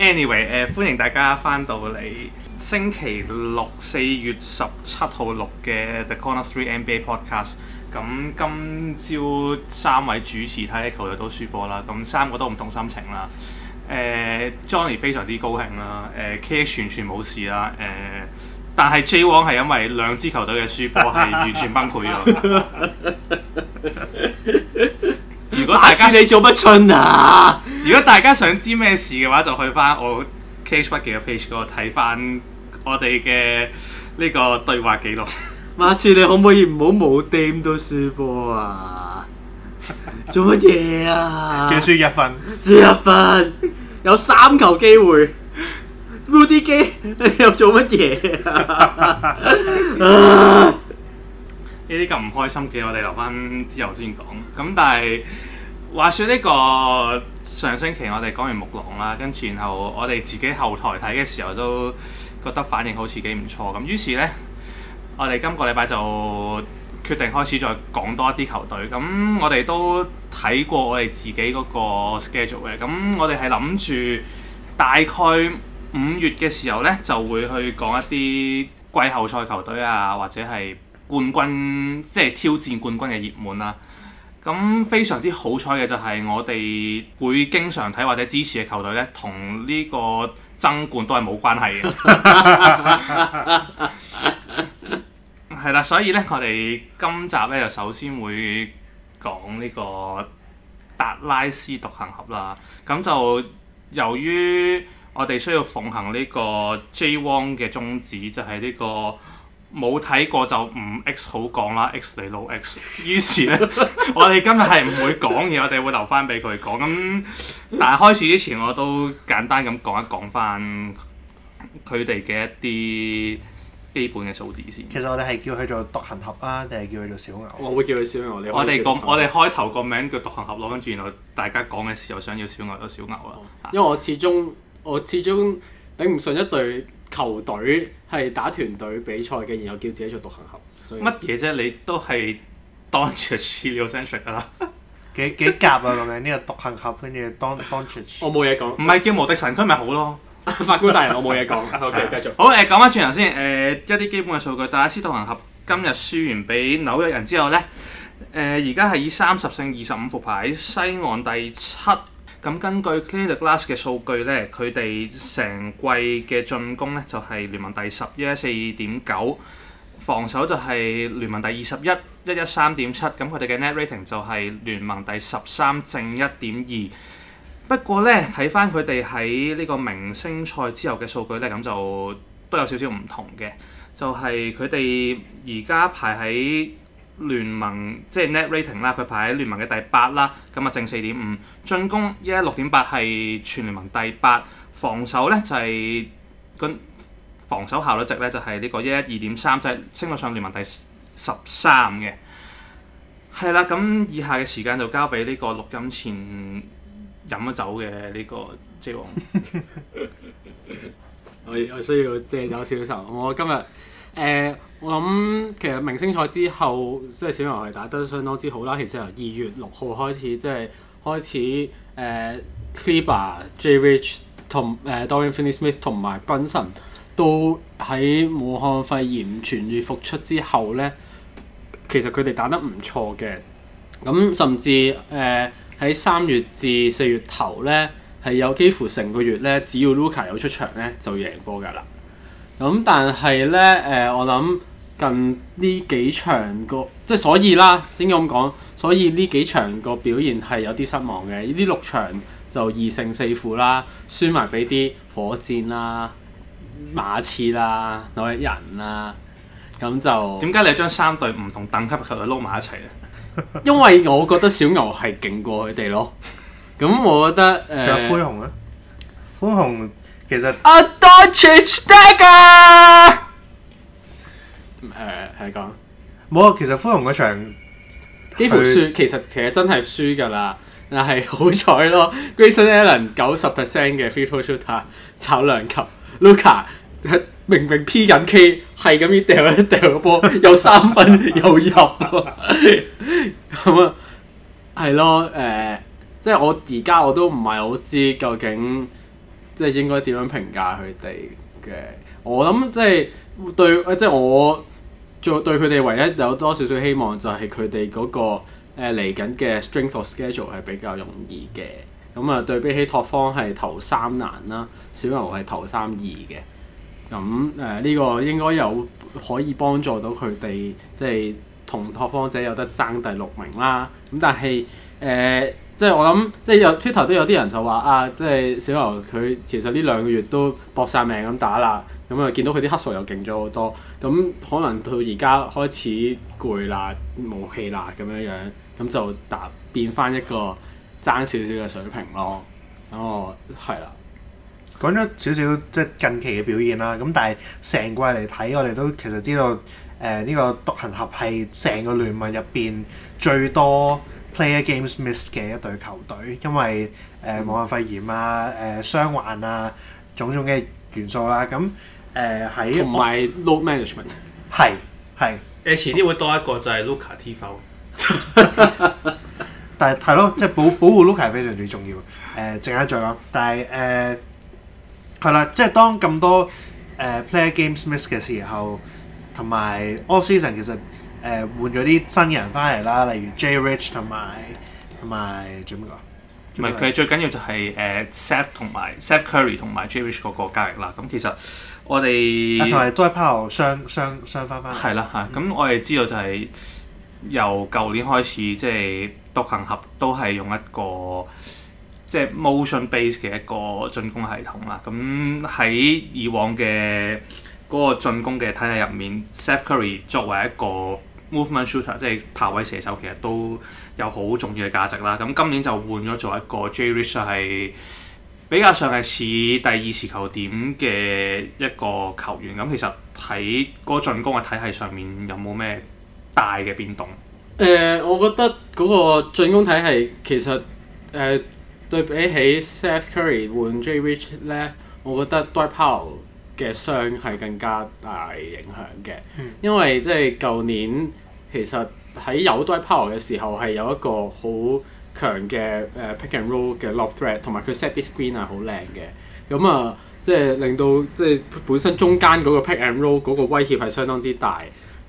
Anyway，誒、呃、歡迎大家翻到嚟星期六四月十七號六嘅 The Corner Three NBA Podcast、嗯。咁今朝三位主持睇嘅球隊都輸波啦，咁、嗯、三個都唔同心情啦。誒、呃、Johnny 非常之高興啦。誒，KH 完全冇事啦。誒、呃，但係 JWong 係因為兩支球隊嘅輸波係完全崩潰咗。 如果大家你做乜春啊？如果大家想知咩事嘅話，就去翻我 Cage 筆記嘅 page 嗰度睇翻我哋嘅呢個對話記錄。馬刺你可唔可以唔好冇掂到輸波啊？做乜嘢啊？叫輸一分，輸一分，有三球機會。 Rudy Gay，你又做乜嘢啊？ 呢啲咁唔開心嘅，我哋留翻之後先講。咁但係話說呢個上星期我哋講完木狼啦，跟住然後我哋自己後台睇嘅時候都覺得反應好似幾唔錯。咁於是呢，我哋今個禮拜就決定開始再講多一啲球隊。咁我哋都睇過我哋自己嗰個 schedule 嘅。咁我哋係諗住大概五月嘅時候呢，就會去講一啲季後賽球隊啊，或者係～冠軍即係挑戰冠軍嘅熱門啦，咁非常之好彩嘅就係我哋會經常睇或者支持嘅球隊呢，同呢個爭冠都係冇關係嘅，係啦，所以呢，我哋今集呢就首先會講呢個達拉斯獨行俠啦，咁就由於我哋需要奉行呢個 JWong 嘅宗旨，就係呢個。冇睇過就唔 X 好講啦，X 嚟老 X。於是咧， 我哋今日係唔會講嘢，我哋會留翻俾佢講。咁但係開始之前，我都簡單咁講一講翻佢哋嘅一啲基本嘅數字先。其實我哋係叫佢做獨行俠啊，定係叫佢做小牛？我會叫佢小牛。我哋講我哋開頭個名叫獨行俠咯，跟住然後大家講嘅時候，想要小牛就小牛好啊。因為我始終我始終頂唔順一對。球隊係打團隊比賽嘅，然後叫自己做獨行俠，乜嘢啫？你都係當住 essential 啊，幾幾夾啊！咁樣呢個獨行俠跟住當當我冇嘢講，唔係 叫無敵神區咪好咯？法官 大人，我冇嘢講。OK，繼續。好誒、呃，講翻轉頭先誒，一啲基本嘅數據。但係斯圖行俠今日輸完比紐約人之後咧，誒而家係以三十勝二十五負牌，喺西岸第七。咁根據 Cleaning the Glass 嘅數據呢，佢哋成季嘅進攻呢就係、是、聯盟第十，一一四點九；防守就係聯盟第二十一，一一三點七。咁佢哋嘅 Net Rating 就係聯盟第十三，正一點二。不過呢，睇翻佢哋喺呢個明星賽之後嘅數據呢，咁就都有少少唔同嘅，就係佢哋而家排喺。聯盟即係 net rating 啦，佢排喺聯盟嘅第八啦，咁啊正四點五，進攻一一六點八係全聯盟第八，防守咧就係、是、個防守效率值咧就係、是、呢個一一二點三，即係升到上聯盟第十三嘅，係啦。咁以下嘅時間就交俾呢個錄音前飲咗酒嘅呢個 J 王， 我我需要借酒消愁。我今日誒。呃我諗其實明星賽之後，即係小牛係打得相當之好啦。其實由二月六號開始，即係開始誒，Kleber、呃、J-Rich 同誒、呃、Dorian Finney-Smith 同埋 Brunson 都喺武漢肺炎痊癒復出之後咧，其實佢哋打得唔錯嘅。咁甚至誒喺三月至四月頭咧，係有幾乎成個月咧，只要 Luka 有出場咧，就贏波㗎啦。咁但係咧誒，我諗。近呢幾場個即係所以啦，應該咁講，所以呢幾場個表現係有啲失望嘅。呢六場就二勝四負啦，輸埋俾啲火箭啦、馬刺啦、紐約人啦、啊，咁就點解你將三隊唔同等級嘅球隊撈埋一齊咧？ 因為我覺得小牛係勁過佢哋咯。咁我覺得誒、呃、灰熊咧，灰熊其實。誒係講，冇啊、呃！其實灰熊嗰場幾乎輸，其實其實真係輸噶啦。但係好彩咯，Grayson Allen 九十 percent 嘅 free throw shooter，炒兩球。Luka 明明 P 緊 K，係咁要掉一掉個波，有三分又入。咁啊， 係咯，誒、呃，即係我而家我都唔係好知究竟，即係應該點樣評價佢哋嘅？我諗即係對，即係我。做對佢哋唯一有多少少希望就係佢哋嗰個嚟緊、呃、嘅 strength of schedule 係比較容易嘅，咁、嗯、啊對比起拓荒係頭三難啦，小牛係頭三二嘅，咁誒呢個應該有可以幫助到佢哋，即係同拓荒者有得爭第六名啦，咁、嗯、但係誒。呃即係我諗，即係有 Twitter 都有啲人就話啊，即係小牛佢其實呢兩個月都搏晒命咁打啦，咁啊見到佢啲黑數又勁咗好多，咁可能到而家開始攰啦、冇氣啦咁樣樣，咁就搭變翻一個爭少少嘅水平咯。哦，係啦，講咗少少即係近期嘅表現啦，咁但係成季嚟睇，我哋都其實知道誒呢、呃呢個獨行俠係成個聯盟入邊最多 Play 嘅 games miss 嘅一隊球隊，因為誒網上肺炎啊、誒、呃、傷患啊、種種嘅元素啦、啊，咁誒喺同埋 load management 係係誒遲啲會多一個就係 l u c a T f o 但係係咯，即係保保護 l u c a 係非常之重要誒，陣、呃、間再講。但係誒係啦，即係當咁多誒、呃、play games miss 嘅時候，同埋 off season 其實。誒、呃、換咗啲新人翻嚟啦，例如 Jay Rich 同埋同埋做乜個？唔係佢最緊要就係、是、誒、呃、Seth 同埋 Seth Curry 同埋 Jay Rich 嗰個交易啦。咁、嗯、其實我哋同埋 Powell 雙雙雙翻翻。係啦嚇，咁我哋知道就係、是嗯、由舊年開始，即係獨行俠都係用一個即係、就是、Motion Base 嘅一個進攻系統啦。咁喺以往嘅嗰個進攻嘅體系入面，Seth Curry 作為一個 Movement shooter 即係跑位射手，其實都有好重要嘅價值啦。咁今年就換咗做一個 Jay Rich 係比較上係似第二持球點嘅一個球員。咁其實喺嗰進攻嘅體系上面有冇咩大嘅變動？誒、呃，我覺得嗰個進攻體系其實誒、呃、對比起 Seth Curry 換 Jay Rich 咧，我覺得 Dwight Powell 嘅傷係更加大影響嘅，因為即係舊年其實喺有戴 Power 嘅時候係有一個好強嘅誒 pick and roll 嘅 lock threat，同埋佢 set 啲 screen 係好靚嘅，咁啊即係、就是、令到即係、就是、本身中間嗰個 pick and roll 嗰個威脅係相當之大，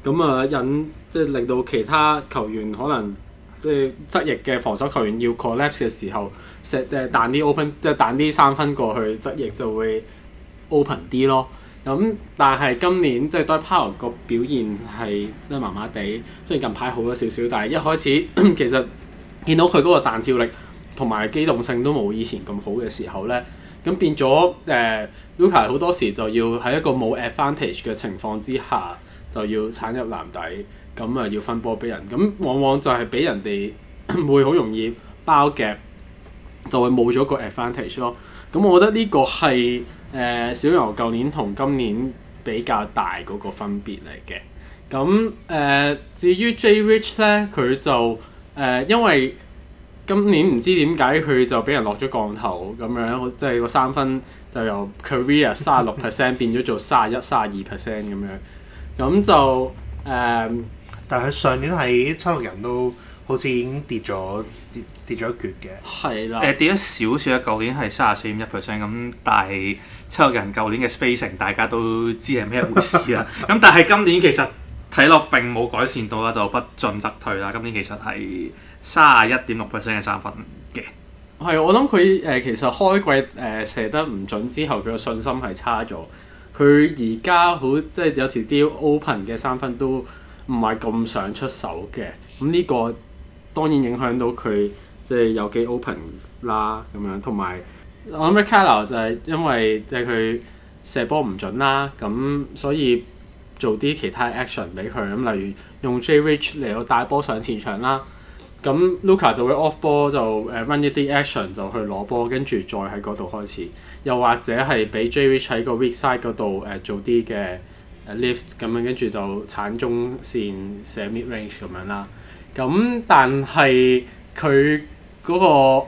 咁啊引即係、就是、令到其他球員可能即係側翼嘅防守球員要 collapse 嘅時候 set 誒彈啲 open 即係彈啲三分過去側翼就會 open 啲咯，咁但係今年即係 Dwight Powell 個表現係真係麻麻地，雖然近排好咗少少，但係一開始 其實見到佢嗰個彈跳力同埋機動性都冇以前咁好嘅時候咧，咁變咗誒、呃、Luka 好多時就要喺一個冇 advantage 嘅情況之下，就要鏟入籃底，咁啊要分波俾人，咁往往就係俾人哋 會好容易包夾，就會冇咗個 advantage 咯。咁我覺得呢個係。誒、呃、小牛舊年同今年比較大嗰個分別嚟嘅。咁誒、呃、至於 J Rich 咧，佢就誒、呃、因為今年唔知點解佢就俾人落咗降頭咁樣，即係個三分就由 career 三十六 percent 變咗做三十一、三十二 percent 咁樣，咁就誒，呃、但係佢上年喺七六人都好似已經跌咗跌跌咗一橛嘅，係啦的，誒、呃、跌咗少少啦，舊年係三十四點一 percent 咁，但係。七號人舊年嘅 spacing 大家都知係咩回事啦，咁、 嗯、但係今年其實睇落並冇改善到啦，就不進則退啦。今年其實係三十一點六 percent 嘅三分嘅。係，我諗佢誒其實開季誒、呃、射得唔準之後，佢個信心係差咗。佢而家好即係有時啲 open 嘅三分都唔係咁想出手嘅。咁呢個當然影響到佢即係有幾 open 啦咁樣，同埋。我諗 m c a e l n a 就係因為即係佢射波唔準啦，咁所以做啲其他 action 俾佢咁，例如用 Jay Rich 嚟到帶波上前場啦，咁 Luca 就會 off 波就誒 run 一啲 action 就去攞波，跟住再喺嗰度開始。又或者係俾 Jay Rich 喺個 e e k side 嗰度誒做啲嘅 lift 咁樣，跟住就鏟中線射 mid range 咁樣啦。咁但係佢嗰個。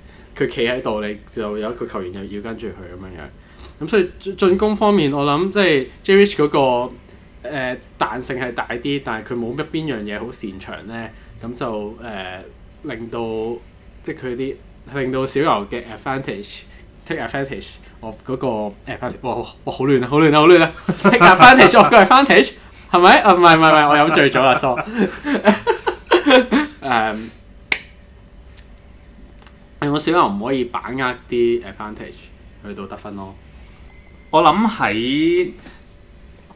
佢企喺度，你就有一個球員又要跟住佢咁樣樣。咁所以進攻方面，我諗即係 Jewish 嗰個、呃、彈性係大啲，但係佢冇乜邊樣嘢好擅長咧。咁就誒、呃、令到即係佢啲令到小牛嘅 advantage take advantage, of advantage。我嗰個誒，哇哇哇好亂啊！好亂啊！好亂啊！take advantage，佢係 advantage 係咪？啊唔係唔係唔係，我飲醉咗啦，sorry。有冇小人唔可以把握啲 advantage 去到得分咯？我諗喺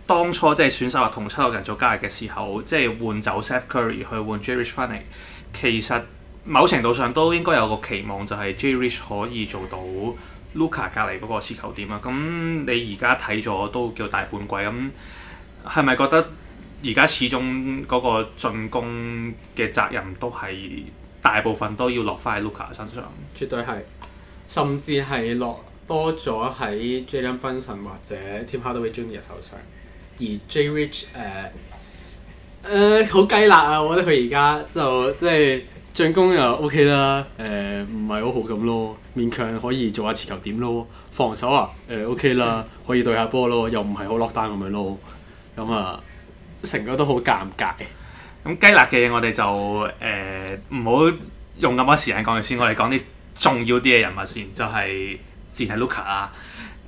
當初即係選秀或同七六人做交易嘅時候，即係換走 Seth Curry 去換 J-Rich 返嚟，其實某程度上都應該有個期望，就係、是、J-Rich 可以做到 Luka 隔離嗰個試球點啊。咁、嗯、你而家睇咗都叫大半季咁，係、嗯、咪覺得而家始終嗰個進攻嘅責任都係？大部分都要落翻喺 Luka 身上，絕對係，甚至係落多咗喺 Jalen Brunson 或者 Tim Hardaway Junior 手上。而 J-Rich 誒、呃、誒好、呃、雞肋啊！我覺得佢而家就即係進攻又 O、OK、K 啦，誒唔係好好咁咯，勉強可以做下持球點咯。防守啊，誒 O K 啦，可以對下波咯，又唔係好落單咁樣咯。咁啊，成個都好尷尬。咁、嗯、雞肋嘅嘢我哋就誒唔好用咁多時間講佢先，我哋講啲重要啲嘅人物先，就是，就係自係 Luka 啊。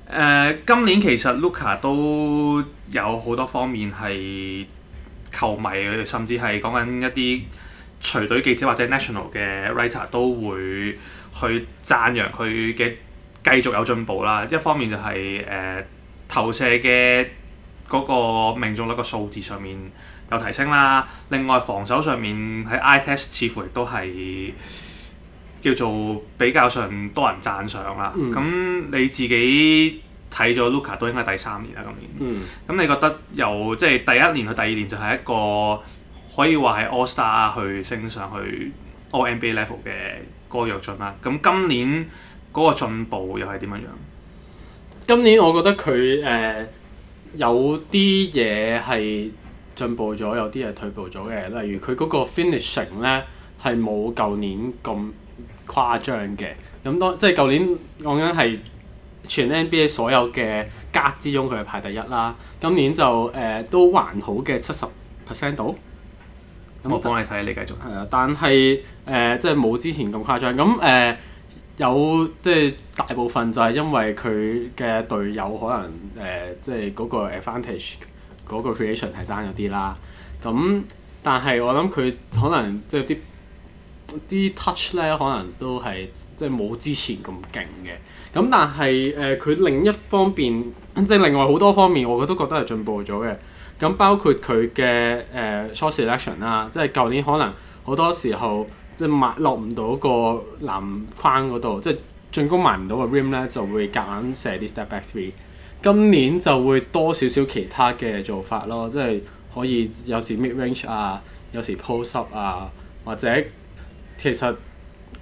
誒、呃，今年其實 Luka 都有好多方面係球迷，甚至係講緊一啲隨隊記者或者 national 嘅 writer 都會去讚揚佢嘅繼續有進步啦。一方面就係、是、誒、呃、投射嘅嗰個命中率個數字上面。有提升啦，另外防守上面喺 ITEX 似乎亦都係叫做比較上多人讚賞啦。咁、嗯、你自己睇咗 Luka 都應該第三年啦，今年。咁、嗯、你覺得由即係、就是、第一年去第二年就係一個可以話係 All Star 去升上去 All NBA level 嘅個躍進啦。咁今年嗰個進步又係點樣樣？今年我覺得佢誒、呃、有啲嘢係。進步咗，有啲係退步咗嘅，例如佢嗰個 finishing 咧係冇舊年咁誇張嘅。咁當即係舊年講緊係全 NBA 所有嘅 guard 之中，佢係排第一啦。今年就誒、呃、都還好嘅七十 percent 度。咁我幫你睇，你繼續。係啊，但係誒即係冇之前咁誇張。咁誒、呃、有即係大部分就係因為佢嘅隊友可能誒、呃、即係嗰個 advantage。嗰個 creation 係爭咗啲啦，咁但係我諗佢可能即係啲啲 touch 咧，可能都係即係冇之前咁勁嘅。咁但係誒，佢、呃、另一方面即係另外好多方面，我覺得都覺得係進步咗嘅。咁包括佢嘅誒、呃、shot selection 啦，即係舊年可能好多時候即係埋落唔到個籃框嗰度，即係進攻埋唔到個 rim 咧，就會夾硬硬射啲 step back three。今年就會多少少其他嘅做法咯，即係可以有時 mid range 啊，有時 post up 啊，或者其實誒、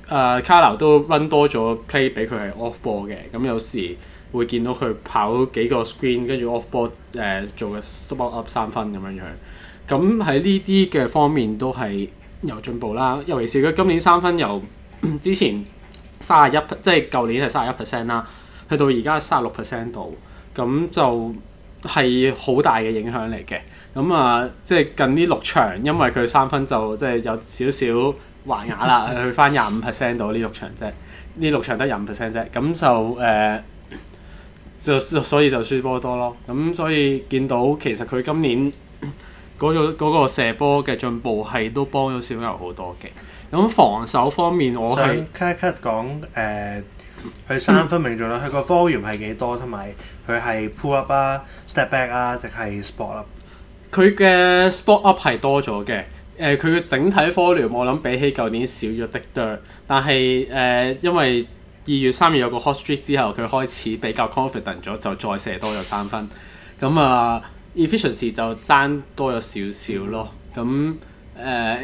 呃、Carlo 都 run 多咗 play 俾佢係 off ball 嘅。咁有時會見到佢跑幾個 screen，跟住 off ball 誒、呃、做嘅 support up 三分咁樣樣。咁喺呢啲嘅方面都係有進步啦。尤其是佢今年三分由 之前三十一，即係舊年係三十一 percent 啦，去到而家三十六 percent 度。咁就係好大嘅影響嚟嘅。咁啊，即係近呢六場，因為佢三分就即係有少少滑牙啦，去翻廿五 percent 到呢六場啫。呢六場得廿五 percent 啫。咁就誒、呃，就，就所以就輸波多咯。咁所以見到其實佢今年嗰、那個射波嘅進步係都幫咗小牛好多嘅。咁防守方面我，我係 cut cut 講誒佢三分命中率，佢個科源 u l 係幾多同埋？佢係 pull up 啊，step back 啊，定係 spot up。佢嘅 spot up 係多咗嘅。誒，佢嘅整體科聯我諗比起舊年少咗啲，但係誒、呃，因為二月三月有個 hot streak 之後，佢開始比較 confident 咗，就再射多咗三分。咁啊、呃、efficiency 就爭多咗少少咯。咁誒，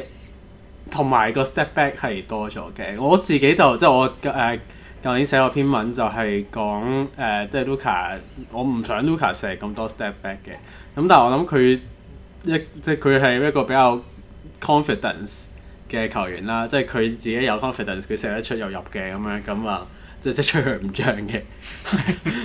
同、呃、埋個 step back 係多咗嘅。我自己就即係我誒。呃舊年寫嗰篇文就係講誒，即係 Luka 我唔想 Luka 成咁多 step back 嘅。咁但係我諗佢一即係佢係一個比較 confidence 嘅球員啦，即係佢自己有 confidence，佢射得出又入嘅咁樣，咁啊即係、 呃、即出唔長嘅。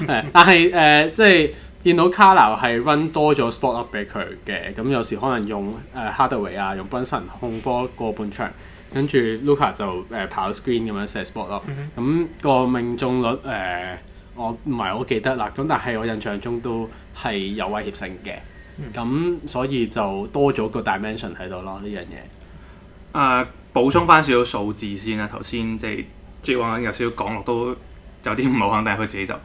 誒，但係誒即係見到 Carlo 係 run 多咗 spot up 俾佢嘅，咁有時可能用誒、呃、Hardaway 啊，用 Brunson 控波過半場。跟住 Luka 就誒跑 screen 咁樣射 sport 咯，咁、嗯、哼個命中率誒、呃、我唔係好記得啦，咁但係我印象中都係有威脅性嘅，咁、嗯、所以就多咗個 dimension 喺度咯呢樣嘢。誒、呃，補充翻少少數字先啦，頭先即係希望有少少講落都有啲唔好肯定，佢自己就誒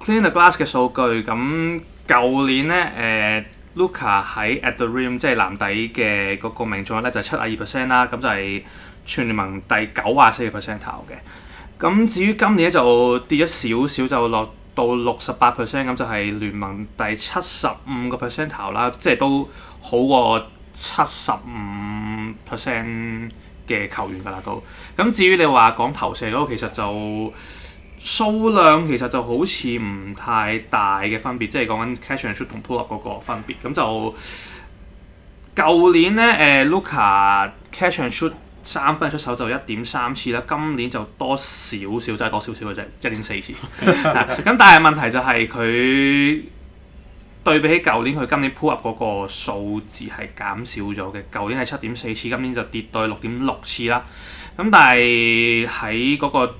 Clean the Glass 嘅數據，咁舊年咧誒。呃 Luka 喺 At The Rim 即係籃底嘅嗰個命中率咧就係七啊二 percent 啦，咁就係全聯盟第九啊四個 percent 頭嘅。咁至於今年就跌咗少少，就落到六十八 percent，咁就係聯盟第七十五個 percent 頭啦，即係都好過七十五 percent 嘅球員噶啦都。咁至於你話講投射嗰個，其實就。數量其實就好似唔太大嘅分別，即係講緊 catch and shoot 同 pull up 嗰個分別。咁就舊年呢誒、呃、Luka catch and shoot 三分出手就一點三次啦。今年就多少少，即、就、係、是、多少少嘅啫，一點四次。咁、 啊、但係問題就係佢對比起舊年，佢今年 pull up 嗰個數字係減少咗嘅。舊年係七點四次，今年就跌到六點六次啦。咁但係喺嗰個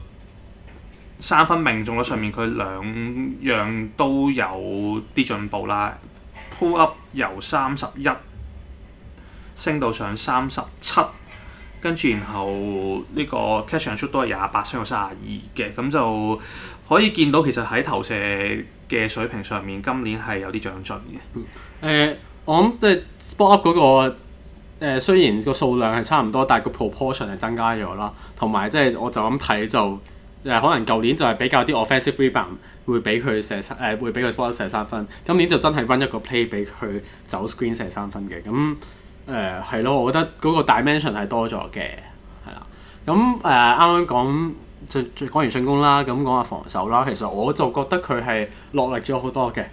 三分命中率上面佢兩樣都有啲進步啦。 Pull up 由三十一升到上三十七，跟住然後呢個 catch and shoot 都係廿八升到三十二嘅，咁就可以見到其實喺投射嘅水平上面，今年係有啲長進嘅。誒、嗯呃，我諗即係 spot up 嗰、那個、呃、雖然個數量係差唔多，但係個 proportion 係增加咗啦，同埋即係我就咁睇就。誒，可能舊年就係比較啲 offensive rebound 會俾佢射三，誒，會俾佢 force 射三、呃、分，今年就真係搵一個 play 俾佢走 screen 射三分嘅，咁，誒係咯，我覺得嗰個 dimension 係多咗嘅係啦。咁，誒啱啱講進講完進攻啦，咁講下防守啦。其實我就覺得佢係落力咗好多嘅，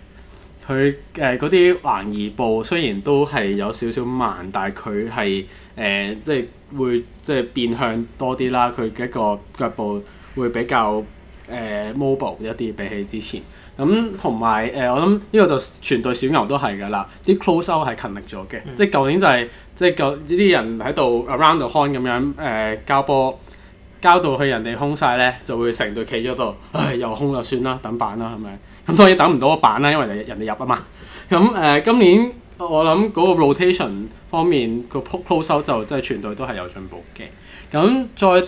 佢誒嗰啲橫移步雖然都係有少少慢，但係佢係誒即係會即係變向多啲啦。佢嘅一個腳步。會比較誒 mobile 一啲，比起之前咁，同埋誒我諗呢個就全隊小牛都係噶啦，啲 closeout 係勤力咗嘅、mm hmm. 就是，即係舊年就係即係舊呢啲人喺度 around the horn 咁樣誒、呃、交波，交到去人哋空晒咧，就會成隊企咗度，唉又空啦，算啦，等板啦，係咪？咁、嗯、當然等唔到個板啦，因為人哋入啊嘛。咁、嗯、誒、呃、今年我諗嗰個 rotation 方面個 closeout 就即係全隊都係有進步嘅。咁、嗯、再。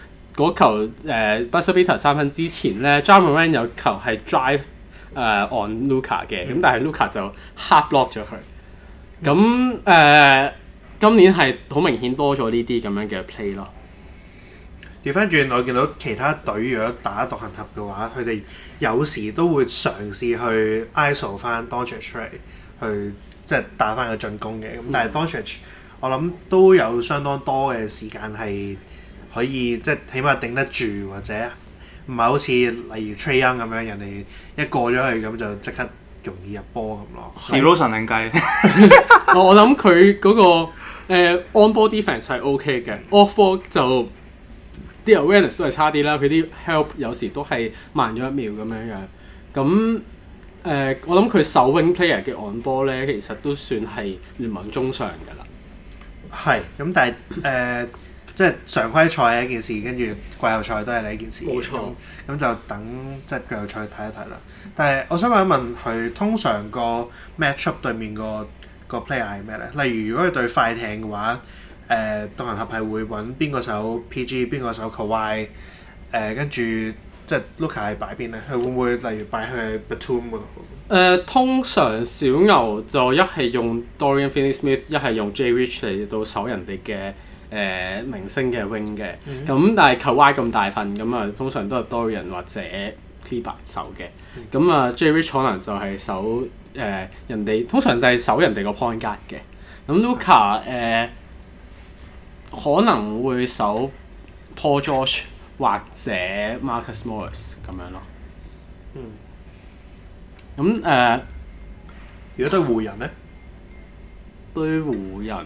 嗰球誒、呃、Bossevita、er、三分之前咧 Ja Morant 有球係 drive 誒、呃、on Luca 嘅，咁、mm hmm. 但係 Luca 就 hard block 咗佢。咁誒、呃、今年係好明顯多咗呢啲咁樣嘅 play 咯。調翻轉，我見到其他隊如果打獨行俠嘅話，佢哋有時都會嘗試去 isol 翻 Doncic 去即係打翻個進攻嘅。咁但係 Doncic、mm hmm. 我諗都有相當多嘅時間係。可以即係起碼頂得住，或者唔係好似例如 Trae Young 咁樣，人哋一過咗去咁就即刻容易入波咁咯。Iteration 嚟計，我我諗佢嗰個誒 on Board defense 係 OK 嘅，off Board 就啲 Awareness 都係差啲啦。佢啲 help 有時都係慢咗一秒咁樣樣。咁誒、呃、我諗佢守 wing player 嘅 on 波咧，其實都算係聯盟中上嘅啦。係咁、 嗯，但係誒。呃即係常規賽係一件事，跟住季後賽都係呢一件事。冇錯，咁、嗯嗯、就等即係季後賽睇一睇啦。但係我想問一問佢，通常個 matchup 對面個個 player 係咩咧？例如如果佢對快艇嘅話，誒、呃、獨行俠係會揾邊個手 PG，邊個手 Kawhi？跟住即係 Luka 係擺邊咧？佢會唔會例如擺去 Batum 嗰度？誒、呃，通常小牛就一係用 Dorian Finney-Smith，一係用 Jay Rich 嚟到守人哋嘅。誒、呃、明星嘅 wing 嘅，咁、mm hmm. 嗯、但係 Kawhi 咁大份，咁啊通常都係多人或者 keyboard 手嘅，咁啊 J. Rich 可能就係守誒人哋，通常都係守人哋個 point guard 嘅，咁、嗯、Luka 誒可能會守 Paul George 或者 Marcus Morris 咁樣咯。咁誒、mm，如、hmm. 果、嗯、對湖人咧？對湖人。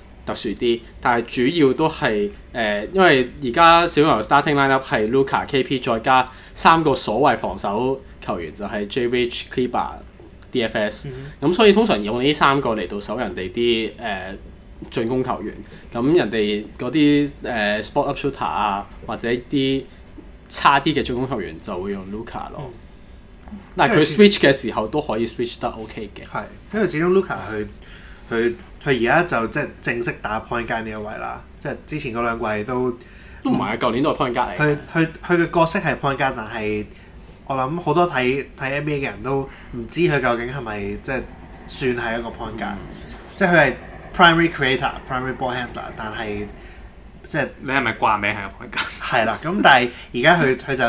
特殊啲，但係主要都係誒、呃，因為而家小牛 starting lineup 係 Luka、KP 再加三個所謂防守球員，就係、是、Jv、Kleber DFS、嗯。咁所以通常用呢三個嚟到守人哋啲誒進攻球員，咁人哋嗰啲誒 spot up shooter 啊，或者啲差啲嘅進攻球員就會用 Luka 咯。嗯、但係佢 switch 嘅時候都可以 switch 得 OK 嘅，係因，因為始終 Luka 去去。去佢而家就即係正式打 point guard 呢一位啦即係之前兩季都都唔係舊年都係 point guard 嚟佢佢佢嘅角色係 point guard 但係我諗好多睇睇 NBA 嘅人都唔知佢究竟係咪即係算係一個 point guard、嗯、即係佢係 primary creator primary ball handler 但係即係你係咪掛名係個 point guard 係啦咁但係而家佢佢就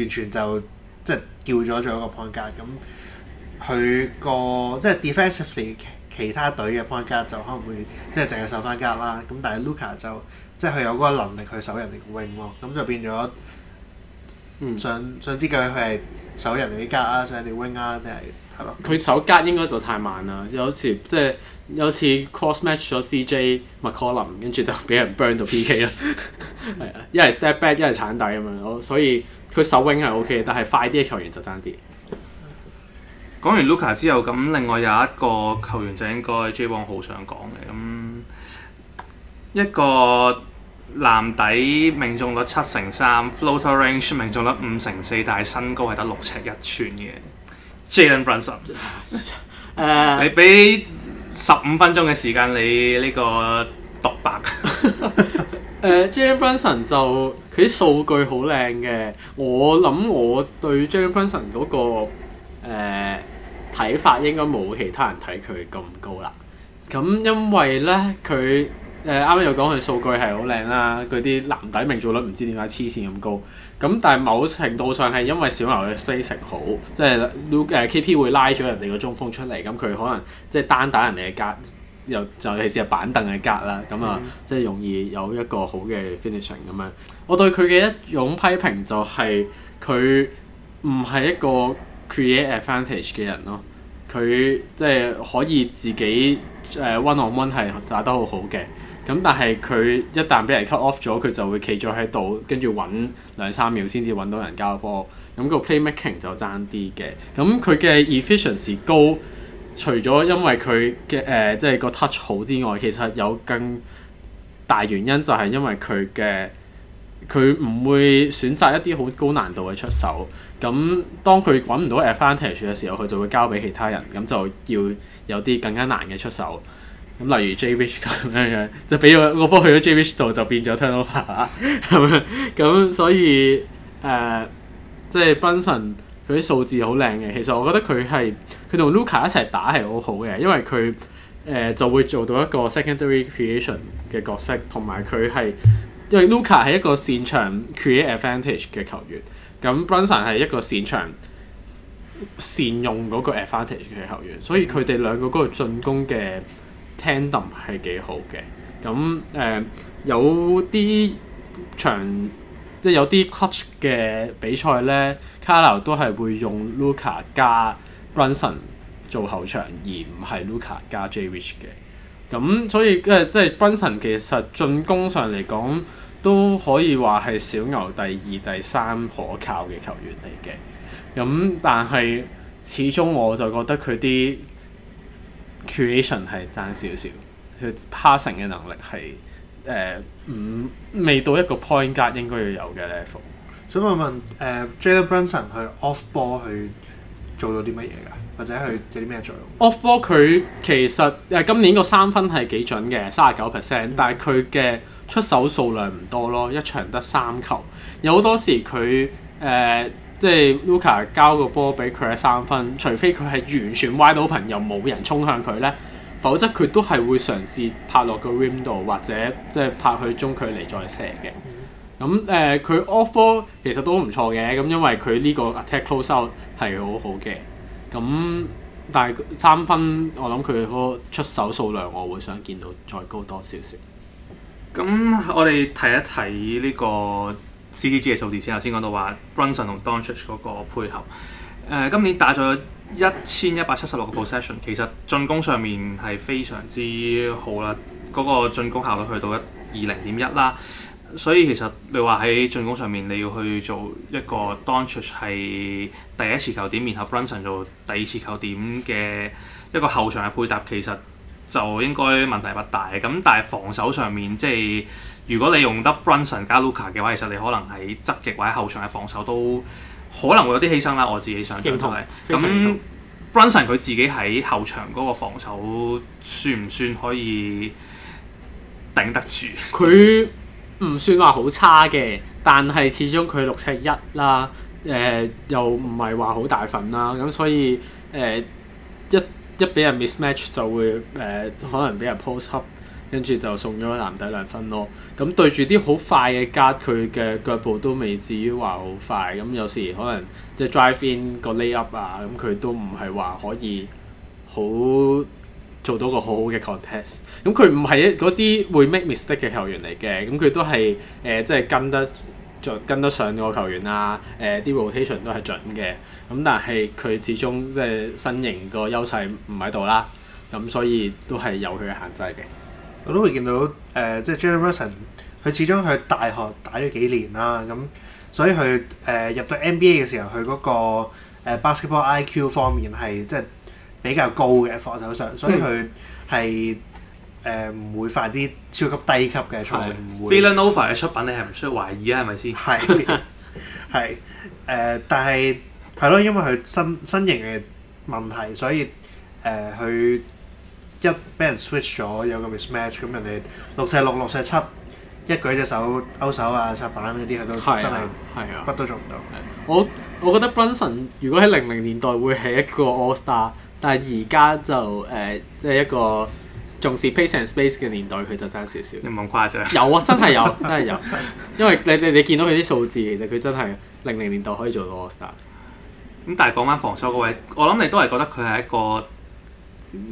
完全就即係叫咗咗一個 point guard 咁佢個即係 defensively 其他隊嘅 point guard 就可能會即係淨係守翻格啦，咁但係 Luca 就即係佢有嗰個能力去守人哋 wing 喎，咁就變咗，唔、嗯、想想知究竟佢係守人哋啲格啊，守人哋 wing 啊，定係係咯？佢守格應該就太慢啦，好似即係有次 cross match 咗 CJ McCollum 跟住就俾人 burn 到 PK 啦，係啊，一係 step back，一係撐底咁樣，所以佢守 wing 係 OK，但係快啲嘅球員就爭啲。講完 Luka 之後，咁另外有一個球員就應該 JWong 好想講嘅，咁一個籃底命中率七成三，float range 命中率五成四，但係身高係得六尺一寸嘅 Jalen Brunson。誒，uh，你俾十五分鐘嘅時間，你呢個獨白。誒，Jalen Brunson 就佢啲數據好靚嘅，我諗我對 Jalen Brunson 嗰、那個。誒睇、呃、法應該冇其他人睇佢咁高啦。咁因為咧，佢誒啱啱又講佢數據係好靚啦。嗰啲籃底命中率唔知點解黐線咁高。咁但係某程度上係因為小牛嘅 spacing 好，即係 KP 會拉咗人哋個中鋒出嚟，咁佢可能即係單打人哋嘅格，又就尤其是板凳嘅格啦。咁啊，即係容易有一個好嘅 finishing 咁樣。我對佢嘅一種批評就係佢唔係一個。create advantage 嘅人咯，佢即係可以自己誒 one on one 係打得好好嘅，咁但係佢一旦俾人 cut off 咗，佢就會企咗喺度，跟住揾兩三秒先至揾到人交波，咁、嗯、個 playmaking 就爭啲嘅。咁、嗯、佢嘅 efficiency 高，除咗因為佢嘅誒即係個 touch 好之外，其實有更大原因就係因為佢嘅佢唔會選擇一啲好高難度嘅出手。咁當佢揾唔到 advantage 嘅時候，佢就會交俾其他人。咁就要有啲更加難嘅出手。咁例如 JW 咁樣樣，就俾咗我幫佢咗 JW 度，就變咗 turnover 咁。咁 所以誒，即、呃、係、就是、Benson 佢啲數字好靚嘅。其實我覺得佢係佢同 Luca 一齊打係好好嘅，因為佢誒、呃、就會做到一個 secondary creation 嘅角色，同埋佢係因為 Luca 係一個擅長 create advantage 嘅球員。咁 Brunson 係一個擅長善用嗰個 advantage 嘅球員，所以佢哋兩個嗰個進攻嘅 tandem 係幾好嘅。咁誒、呃、有啲場即係有啲 clutch 嘅比賽咧，Carlo 都係會用 Luka 加 Brunson 做後場，而唔係 Luka 加 J-Rich 嘅。咁所以、呃、即係 Brunson 其實進攻上嚟講，都可以話係小牛第二、第三可靠嘅球員嚟嘅。咁、嗯、但係始終我就覺得佢啲 creation 係爭少少，佢 passing 嘅能力係誒唔未到一個 point guard 應該要有嘅 level。想問問誒、呃、Jalen Brunson 去 off ball 去做到啲乜嘢㗎？或者佢做啲咩作用？Off ball 佢其實誒、呃、今年個三分係幾準嘅，三十九 percent，但係佢嘅出手數量唔多咯，一場得三球。有好多時佢誒、呃，即係 Luka 交個波俾佢喺三分，除非佢係完全歪到棚又冇人衝向佢咧，否則佢都係會嘗試拍落個 rim 度或者即係拍去中距離再射嘅。咁誒，佢、呃、off ball 其實都唔錯嘅，咁因為佢呢個 attack closeout 係好好嘅。咁但係三分，我諗佢嘅出手數量，我會想見到再高多少少。咁我哋睇一睇呢個 CDG 嘅數字先，頭先講到話 Brunson 同 Doncic 嗰個配合。誒、呃、今年打咗一千一百七十六個 possession，其實進攻上面係非常之好啦。嗰個進攻效率去到一二零點一啦。所以其實你話喺進攻上面，你要去做一個 Doncic 係第一次球點，然後 Brunson 做第二次球點嘅一個後場嘅配搭，其實。就應該問題不大嘅咁，但係防守上面，即係如果你用得 Brunson 加 Luka 嘅話，其實你可能喺側翼或者後場嘅防守都可能會有啲犧牲啦。我自己想講同埋，咁 Brunson 佢自己喺後場嗰個防守算唔算可以頂得住？佢唔算話好差嘅，但係始終佢六尺一啦，誒、呃、又唔係話好大份啦，咁所以誒、呃、一。一俾人 mismatch 就會誒、呃、可能俾人 post up，跟住就送咗籃底兩分咯。咁、嗯、對住啲好快嘅 guard，佢嘅腳步都未至於話好快。咁、嗯、有時可能即係 drive in 個 lay up 啊，咁、嗯、佢都唔係話可以好做到個好好嘅 contest、嗯。咁佢唔係一嗰啲會 make mistake 嘅球員嚟嘅。咁、嗯、佢都係誒即係跟得。就跟得上個球員啊，誒啲 rotation 都係準嘅，咁但係佢始終即係身形個優勢唔喺度啦，咁、嗯、所以都係有佢嘅限制嘅。我都會見到誒、呃，即係 Jeremy Lin 佢始終喺大學打咗幾年啦，咁所以佢誒、呃、入到 NBA 嘅時候，佢嗰、那個誒 basketball、呃、IQ 方面係即係比較高嘅，防守上，所以佢係。嗯誒唔、呃、會犯啲超級低級嘅錯，唔的會。Villanova 嘅出品你係唔需要懷疑啊，係咪先？係係誒，但係係咯，因為佢新新型嘅問題，所以誒佢、呃、一俾人 switch 咗有個 mismatch，咁人哋六呎六六呎七一舉隻手勾手啊，刷板嗰啲佢都真係係啊，乜都做唔到。我我覺得 Brunson 如果喺零零年代會係一個 all star，但係而家就誒即係一個。嗯嗯重視 pace and space 嘅年代，佢就爭少少。你唔咁誇張。有啊，真係有，真係有。 因為你你你見到佢啲數字，其實佢真係零零年代可以做到 star。咁、嗯、但係講翻防守嗰位，我諗你都係覺得佢係一個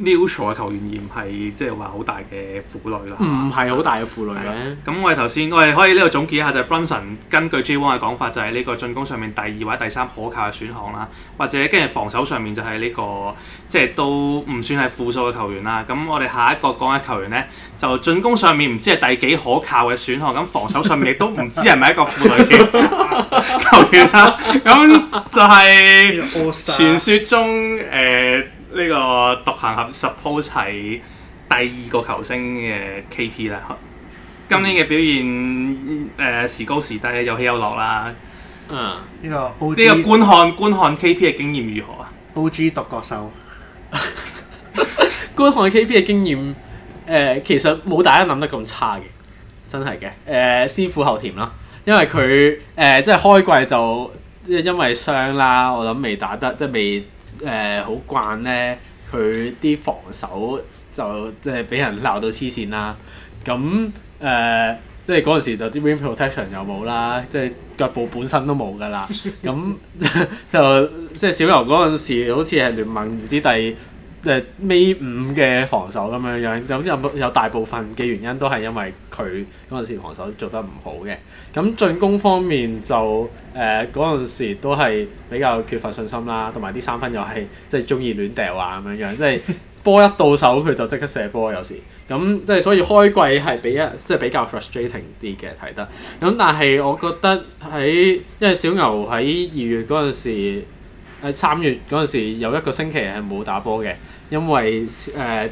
neutral 嘅球員而唔係即係話好大嘅負累啦，唔係好大嘅負累嘅。咁我哋頭先我哋可以呢度總結一下，就係、是、Brunson 根據 JWong 嘅講法，就係、是、呢個進攻上面第二位、第三可靠嘅選項啦，或者跟住防守上面就係呢、這個即係都唔算係負數嘅球員啦。咁我哋下一個講嘅球員呢，就進攻上面唔知係第幾可靠嘅選項，咁防守上面亦都唔知係咪一個負累嘅球員啦、啊。咁就係、是、傳說中誒。呃呢個獨行俠 suppose 係第二個球星嘅 KP 啦。今年嘅表現誒、呃、時高時低，有起有落啦。嗯，呢個呢個觀看觀看 KP 嘅經驗如何啊？O.G. 獨角獸觀看 KP 嘅經驗誒、呃，其實冇大家諗得咁差嘅，真係嘅。誒、呃，先苦後甜啦，因為佢誒、呃、即係開季就即係因為傷啦，我諗未打得即係未。誒好、呃、慣咧，佢啲防守就即係俾人鬧到黐線啦。咁誒，即係嗰陣時就啲 rim protection 又冇啦，即係腳步本身都冇㗎喇。咁 就即係小牛嗰陣時，好似係聯盟唔知第。誒尾、呃、五嘅防守咁樣樣，咁有有大部分嘅原因都係因為佢嗰陣時防守做得唔好嘅。咁進攻方面就誒嗰陣時都係比較缺乏信心啦，同埋啲三分又係即係鍾意亂掟啊咁樣樣，即係波一到手佢就即刻射波有時。咁即係所以開季係比一即係比較、就是、較 frustrating 啲嘅睇得。咁但係我覺得喺因為小牛喺二月嗰陣時。誒三月嗰陣時有一個星期係冇打波嘅，因為誒、uh,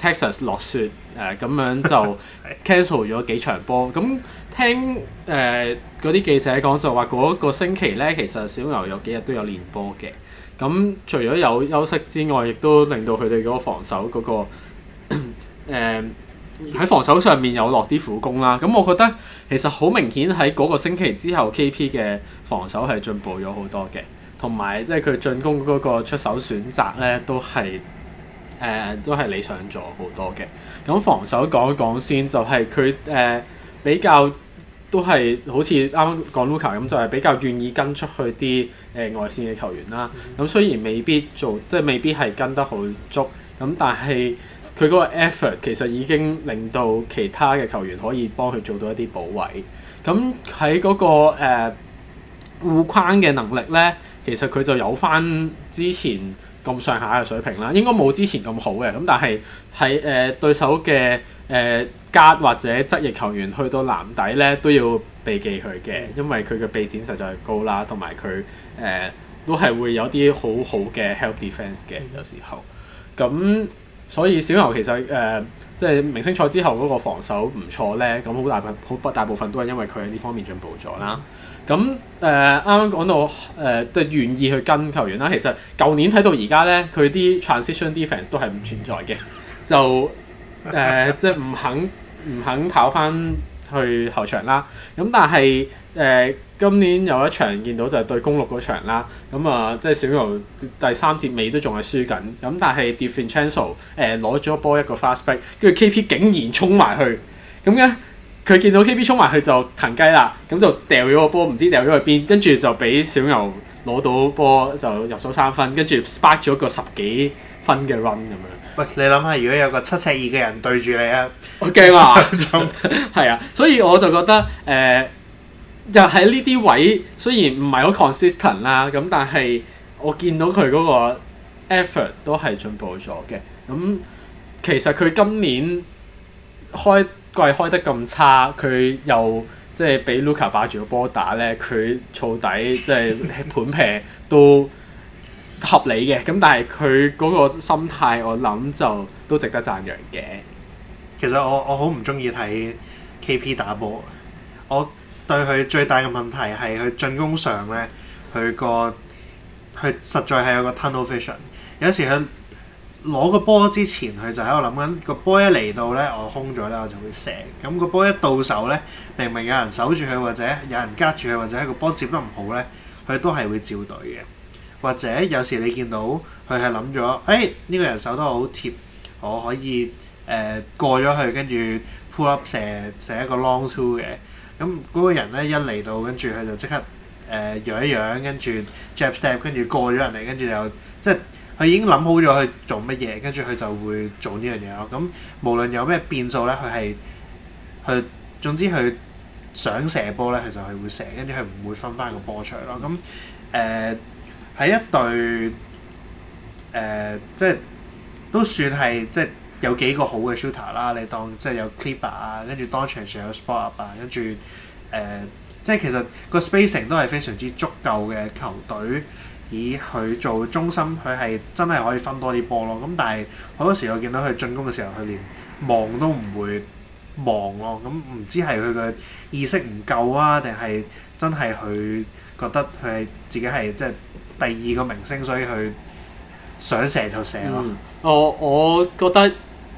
Texas 落雪誒咁、uh, 樣就 cancel 咗幾場波。咁 聽誒嗰啲記者講就話嗰個星期咧，其實小牛有幾日都有練波嘅。咁除咗有休息之外，亦都令到佢哋嗰個防守嗰、嗰個喺、 uh, 防守上面有落啲苦功啦。咁我覺得其實好明顯喺嗰個星期之後，KP 嘅防守係進步咗好多嘅。同埋即係佢進攻嗰個出手選擇咧，都係誒、呃、都係理想咗好多嘅。咁防守講一講先，就係佢誒比較都係好似啱啱講 Luka 咁，就係、是、比較願意跟出去啲誒、呃、外線嘅球員啦。咁、嗯、雖然未必做即係、就是、未必係跟得好足，咁但係佢嗰個 effort 其實已經令到其他嘅球員可以幫佢做到一啲補位。咁喺嗰個誒、呃、護框嘅能力咧。其實佢就有返之前咁上下嘅水平啦，應該冇之前咁好嘅。咁但係係誒對手嘅誒 Guard 或者側翼球員去到籃底咧，都要避忌佢嘅，因為佢嘅臂展實在係高啦，同埋佢誒都係會有啲好好嘅 help defence 嘅有時候。咁、嗯、所以小牛其實誒即係明星賽之後嗰個防守唔錯咧，咁好大份好大部分都係因為佢喺呢方面進步咗啦。嗯咁誒啱啱講到誒，即係願意去跟球員啦。其實舊年睇到而家咧，佢啲 transition defense 都係唔存在嘅，就誒、呃、 即係唔肯唔肯跑翻去後場啦。咁但係誒、呃、今年有一場見到就係對公鹿嗰場啦。咁啊，即係小牛第三節尾都仲係輸緊。咁但係 defensive 誒攞咗波一個 fast break 跟住 KP 竟然衝埋去，咁樣。佢見到 K.B. 衝埋去就騰雞啦，咁就掉咗個波，唔知掉咗去邊，跟住就俾小牛攞到波就入咗三分，跟住 spark 咗個十幾分嘅 run 咁樣。喂，你諗下，如果有個七尺二嘅人對住你啊，好驚啊！係 啊，所以我就覺得誒，就喺呢啲位雖然唔係好 consistent 啦，咁但係我見到佢嗰個 effort 都係進步咗嘅。咁其實佢今年開季開得咁差，佢又即係俾 Luka 霸住個波打咧，佢燥底即係盤平都合理嘅。咁但係佢嗰個心態，我諗就都值得讚揚嘅。其實我我好唔中意睇 KP 打波，我對佢最大嘅問題係佢進攻上咧，佢個佢實在係有個 tunnel vision，有時佢。攞個波之前，佢就喺度諗緊個波一嚟到咧，我空咗咧，我就會射。咁個波一到手咧，明明有人守住佢，或者有人隔住佢，或者喺個波接得唔好咧，佢都係會照隊嘅。或者有時你見到佢係諗咗，誒呢個人守得好貼，我可以誒、呃、過咗佢，跟住 pull up 射射一個 long two 嘅。咁嗰個人咧一嚟到，跟住佢就即刻、呃、揚一揚 step，即刻誒揚一揚，跟住 jab step，跟住過咗人嚟，跟住又即係。佢已經諗好咗去做乜嘢，跟住佢就會做呢樣嘢咯。咁無論有咩變數咧，佢係佢總之佢想射波咧，其實佢會射，跟住佢唔會分翻個波出嚟咯。咁誒喺一隊誒、呃、即係都算係即係有幾個好嘅 shooter 啦。你當即係有 clipper 啊，跟住當場又有 spot up 啊，跟住誒即係其實個 spacing 都係非常之足夠嘅球隊。以佢做中心，佢係真係可以分多啲波咯。咁但係好多時我見到佢進攻嘅時候，佢連望都唔會望咯。咁、嗯、唔知係佢嘅意識唔夠啊，定係真係佢覺得佢係自己係即係第二個明星，所以佢想射就射咯、嗯。我我覺得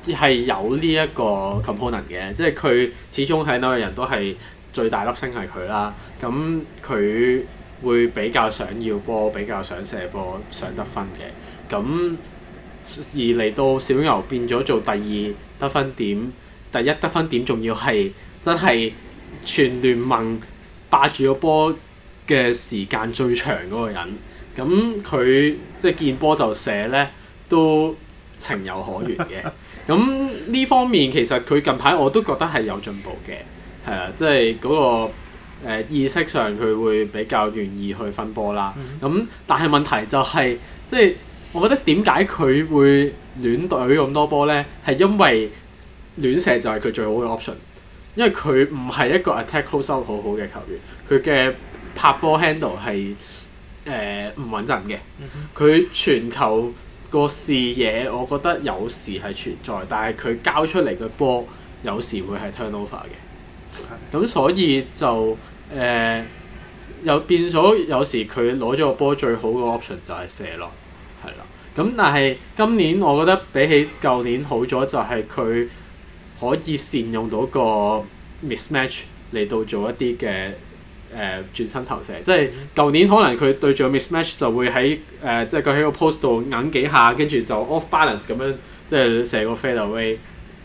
係有呢一個 component 嘅，即係佢始終喺紐約人都係最大粒星係佢啦。咁佢。會比較想要波，比較想射波，想得分嘅。咁而嚟到小牛變咗做第二得分點，第一得分點仲要係真係全聯盟霸住個波嘅時間最長嗰個人。咁佢即係見波就射呢，都情有可原嘅。咁呢方面其實佢近排我都覺得係有進步嘅，係啊，即係嗰個。呃、意識上佢會比較願意去分波啦，咁、嗯哼嗯、但係問題就係、是，即、就、係、是、我覺得點解佢會亂隊咁多波呢？係因為亂射就係佢最好嘅 option，因為佢唔係一個 attack close 好好嘅球員，佢嘅拍波 handle 係誒唔穩陣嘅，佢、嗯、哼全球個視野我覺得有時係存在，但係佢交出嚟嘅波有時會係 turnover 嘅，咁、嗯、哼所以就。誒、呃、又變咗，有時佢攞咗個波最好嘅 option 就係射咯，係啦。咁但係今年我覺得比起舊年好咗，就係、是、佢可以善用到個 mismatch 嚟到做一啲嘅誒轉身投射。即係舊年可能佢對住個 mismatch 就會喺誒，即係佢喺個 post 度硬幾下，跟住就 off balance 咁樣即係射個 fade away。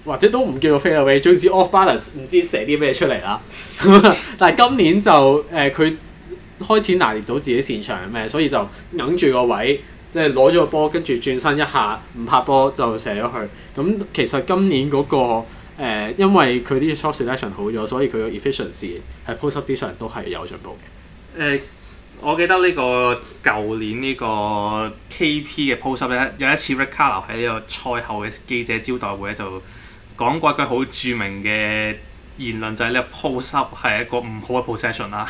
或者都唔叫做 fade away，總之 off balance 唔知射啲咩出嚟啦。 但係今年就誒，佢、呃、開始拿捏到自己擅長嘅咩，所以就揞住個位，即係攞咗個波，跟住轉身一下，唔拍波就射咗佢。咁其實今年嗰、那個、呃、因為佢啲 shot selection 好咗，所以佢嘅 efficiency 係 post up 啲上都係有進步嘅。誒、呃，我記得呢、這個舊年呢個 KP 嘅 post up 咧，有一次 Rick Carlisle 喺呢個賽後嘅記者招待會咧就，講過一句好著名嘅言論就係咧，post-up 係一個唔好嘅 position 啦。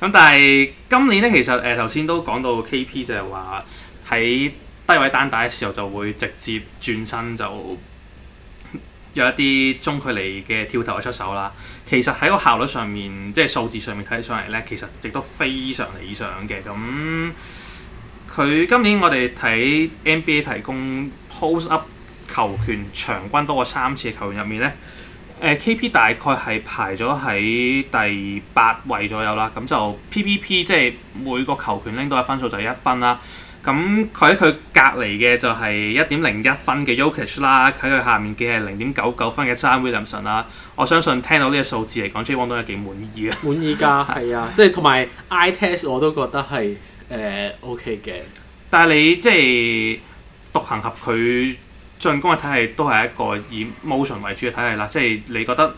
咁 但係今年咧，其實誒頭先都講到 KP 就係話喺低位單打嘅時候就會直接轉身就有一啲中距離嘅跳投嘅出手啦。其實喺個效率上面，即係數字上面睇上嚟咧，其實亦都非常理想嘅。咁佢今年我哋睇 NBA 提供 post-up，球權場均多過三次嘅球員入面咧，誒、呃、KP 大概係排咗喺第八位左右啦。咁就 PPP 即係每個球權拎到嘅分數就係一分啦。咁佢喺佢隔離嘅就係一點零一分嘅 Yokich、ok、啦，喺佢下面嘅係零點九九分嘅 Sam Williamson 啦。我相信聽到呢個數字嚟講，JWong 都係幾滿意嘅。滿意㗎，係 啊，即係同埋 ITs 我都覺得係誒、呃、OK 嘅。但係你即係獨行俠佢。進攻嘅體系都係一個以 motion 為主嘅體系啦，即係你覺得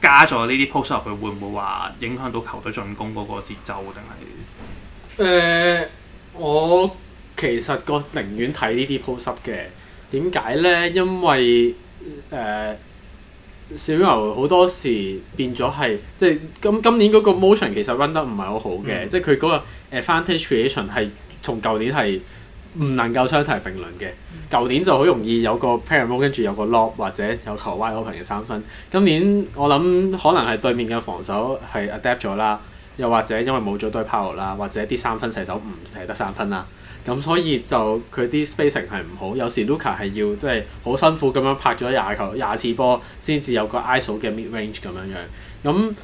加咗呢啲 post up 佢會唔會話影響到球隊進攻嗰個節奏定係？誒、呃，我其實個寧願睇呢啲 post up 嘅，點解咧？因為誒、呃、小牛好多時變咗係即係今今年嗰個 motion 其實 run 得唔係好好嘅，嗯、即係佢嗰個 fantasy creation 係從舊年係。唔能夠相提並論嘅，舊年就好容易有個 parimal 跟住有個 lob 或者有球 wide open 嘅三分，今年我諗可能係對面嘅防守係 adapt 咗啦，又或者因為冇咗對 power 啦，或者啲三分射手唔捨得三分啦，咁所以就佢啲 spacing 係唔好，有時 Luka 係要即係好辛苦咁樣拍咗廿球廿次波先至有個 ISO 嘅 mid range 咁樣樣，咁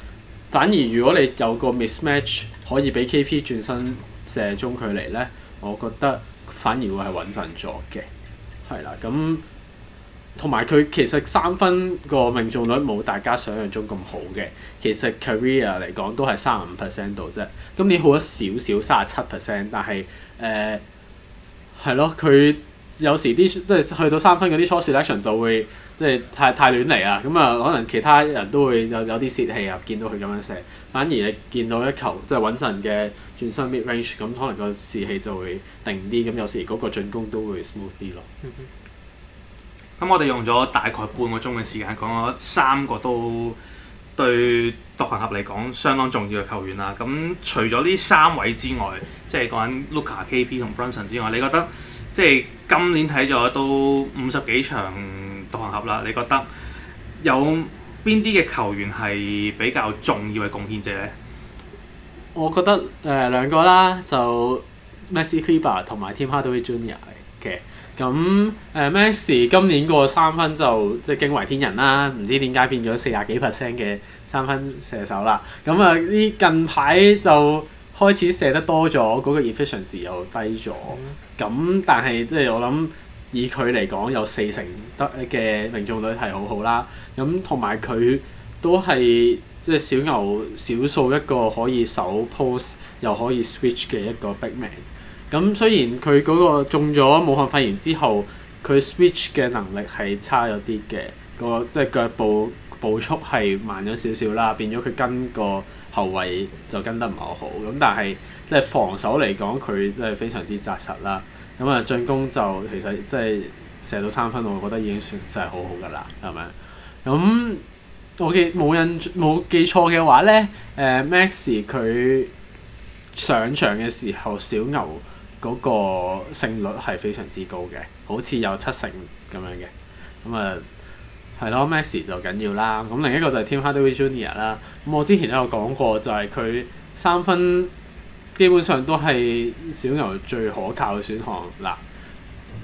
反而如果你有個 mismatch 可以俾 KP 轉身射中距離呢，我覺得。反而會係穩陣咗嘅，係啦，咁同埋佢其實三分個命中率冇大家想象中咁好嘅。其實 career 嚟講都係三十五 percent 度啫，今年好咗少少三十七 percent，但係誒係咯，佢、呃、有時啲即係去到三分嗰啲 shot selection 就會即係太太亂嚟啊！咁啊，可能其他人都會有有啲泄氣啊，見到佢咁樣射，反而你見到一球即係穩陣嘅。轉身 mid range，咁可能個士氣就會定啲，咁有時嗰個進攻都會 smooth 啲咯。咁、嗯、哼 我哋用咗大概半個鐘嘅時,時間講咗三個都對獨行俠嚟講相當重要嘅球員啦。咁除咗呢三位之外，即係講緊 Luka KP 同 Brunson 之外，你覺得即係、就是、今年睇咗都五十幾場獨行俠啦，你覺得有邊啲嘅球員係比較重要嘅貢獻者咧？我覺得誒、呃、兩個啦，就 Maxi Kleber 同埋 Tim Hardaway Jr. 嘅。咁誒 Maxi 今年個三分就即係驚為天人啦，唔知點解變咗四十幾 percent 嘅三分射手啦。咁啊，呢近排就開始射得多咗，嗰、那個 efficiency 又低咗。咁、嗯、但係即係我諗，以佢嚟講有四成得嘅命中率係好好啦。咁同埋佢都係。即係小牛少數一個可以守 post 又可以 switch 嘅一個 big man。咁雖然佢嗰個中咗武漢肺炎之後，佢 switch 嘅能力係差咗啲嘅，個即係、就是、腳步步速係慢咗少少啦，變咗佢跟個後衛就跟得唔係好好。咁但係即係防守嚟講，佢真係非常之紮實啦。咁啊進攻就其實即係射到三分，我覺得已經算真係好好㗎啦，係咪？咁。我記冇印冇記錯嘅話咧，誒、呃、Max 佢上場嘅時候，小牛嗰個勝率係非常之高嘅，好似有七成咁樣嘅。咁、嗯、啊，係咯，Max 就緊要啦。咁另一個就係 Tim Hardaway Jr. 啦。咁我之前都有講過，就係佢三分基本上都係小牛最可靠嘅選項嗱。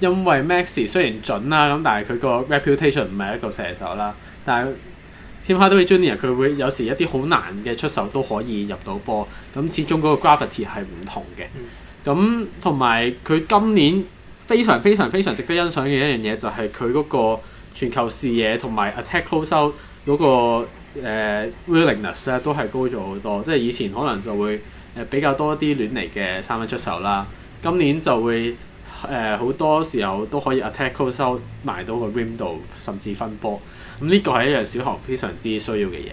因為 Max 雖然準啦，咁但係佢個 reputation 唔係一個射手啦，但係。Tim Hardaway Junior 佢會有時一啲好難嘅出手都可以入到波，咁始終嗰個 gravity 係唔同嘅。咁同埋佢今年非常非常非常值得欣賞嘅一樣嘢就係佢嗰個全球視野同埋 attack closeout 嗰、嗰個 willingness、呃、咧都係高咗好多，即係以前可能就會誒比較多啲亂嚟嘅三分出手啦，今年就會，誒好、呃、多時候都可以 attack a l 收埋到個 rim 度，甚至分波。咁、嗯、呢個係一樣小牛非常之需要嘅嘢。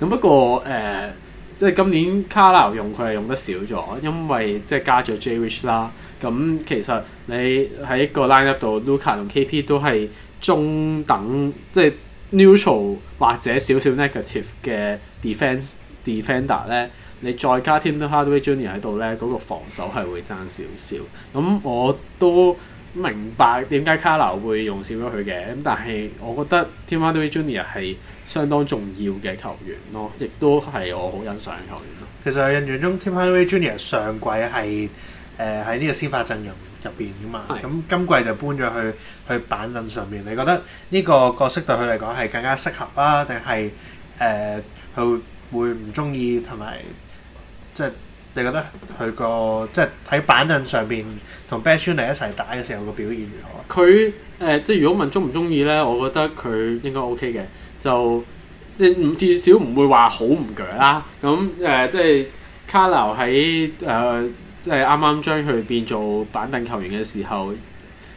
咁、嗯、不過誒，即、呃、係、就是、今年卡勞用佢係用得少咗，因為即係加咗 j w i s h 啦。咁、嗯、其實你喺個 line up 度，Luka 同 KP 都係中等，即、就、係、是、neutral 或者少少 negative 嘅 defence defender 咧。你再加 Tim Hardaway Junior 喺度咧，嗰、嗰個防守係會爭少少。咁我都明白點解 Carlisle 會用少咗佢嘅，咁但係我覺得 Tim Hardaway Junior 係相當重要嘅球員咯，亦都係我好欣賞嘅球員咯。其實印象中 Tim Hardaway Junior 上季係誒喺呢個先發陣容入邊噶嘛，咁是今季就搬咗去去板凳上面。你覺得呢個角色對佢嚟講係更加適合啊，定係誒佢會唔中意同埋？即係你覺得佢個即係喺板凳上面同 Ben 啤村嚟一齊打嘅時候個表現如何？佢誒、呃、即係如果問鍾唔鍾意咧，我覺得佢應該 OK 嘅，就即係唔至少唔會話好唔鋸啦。咁誒、呃、即係卡流喺誒即係啱啱將佢變做板凳球員嘅時候，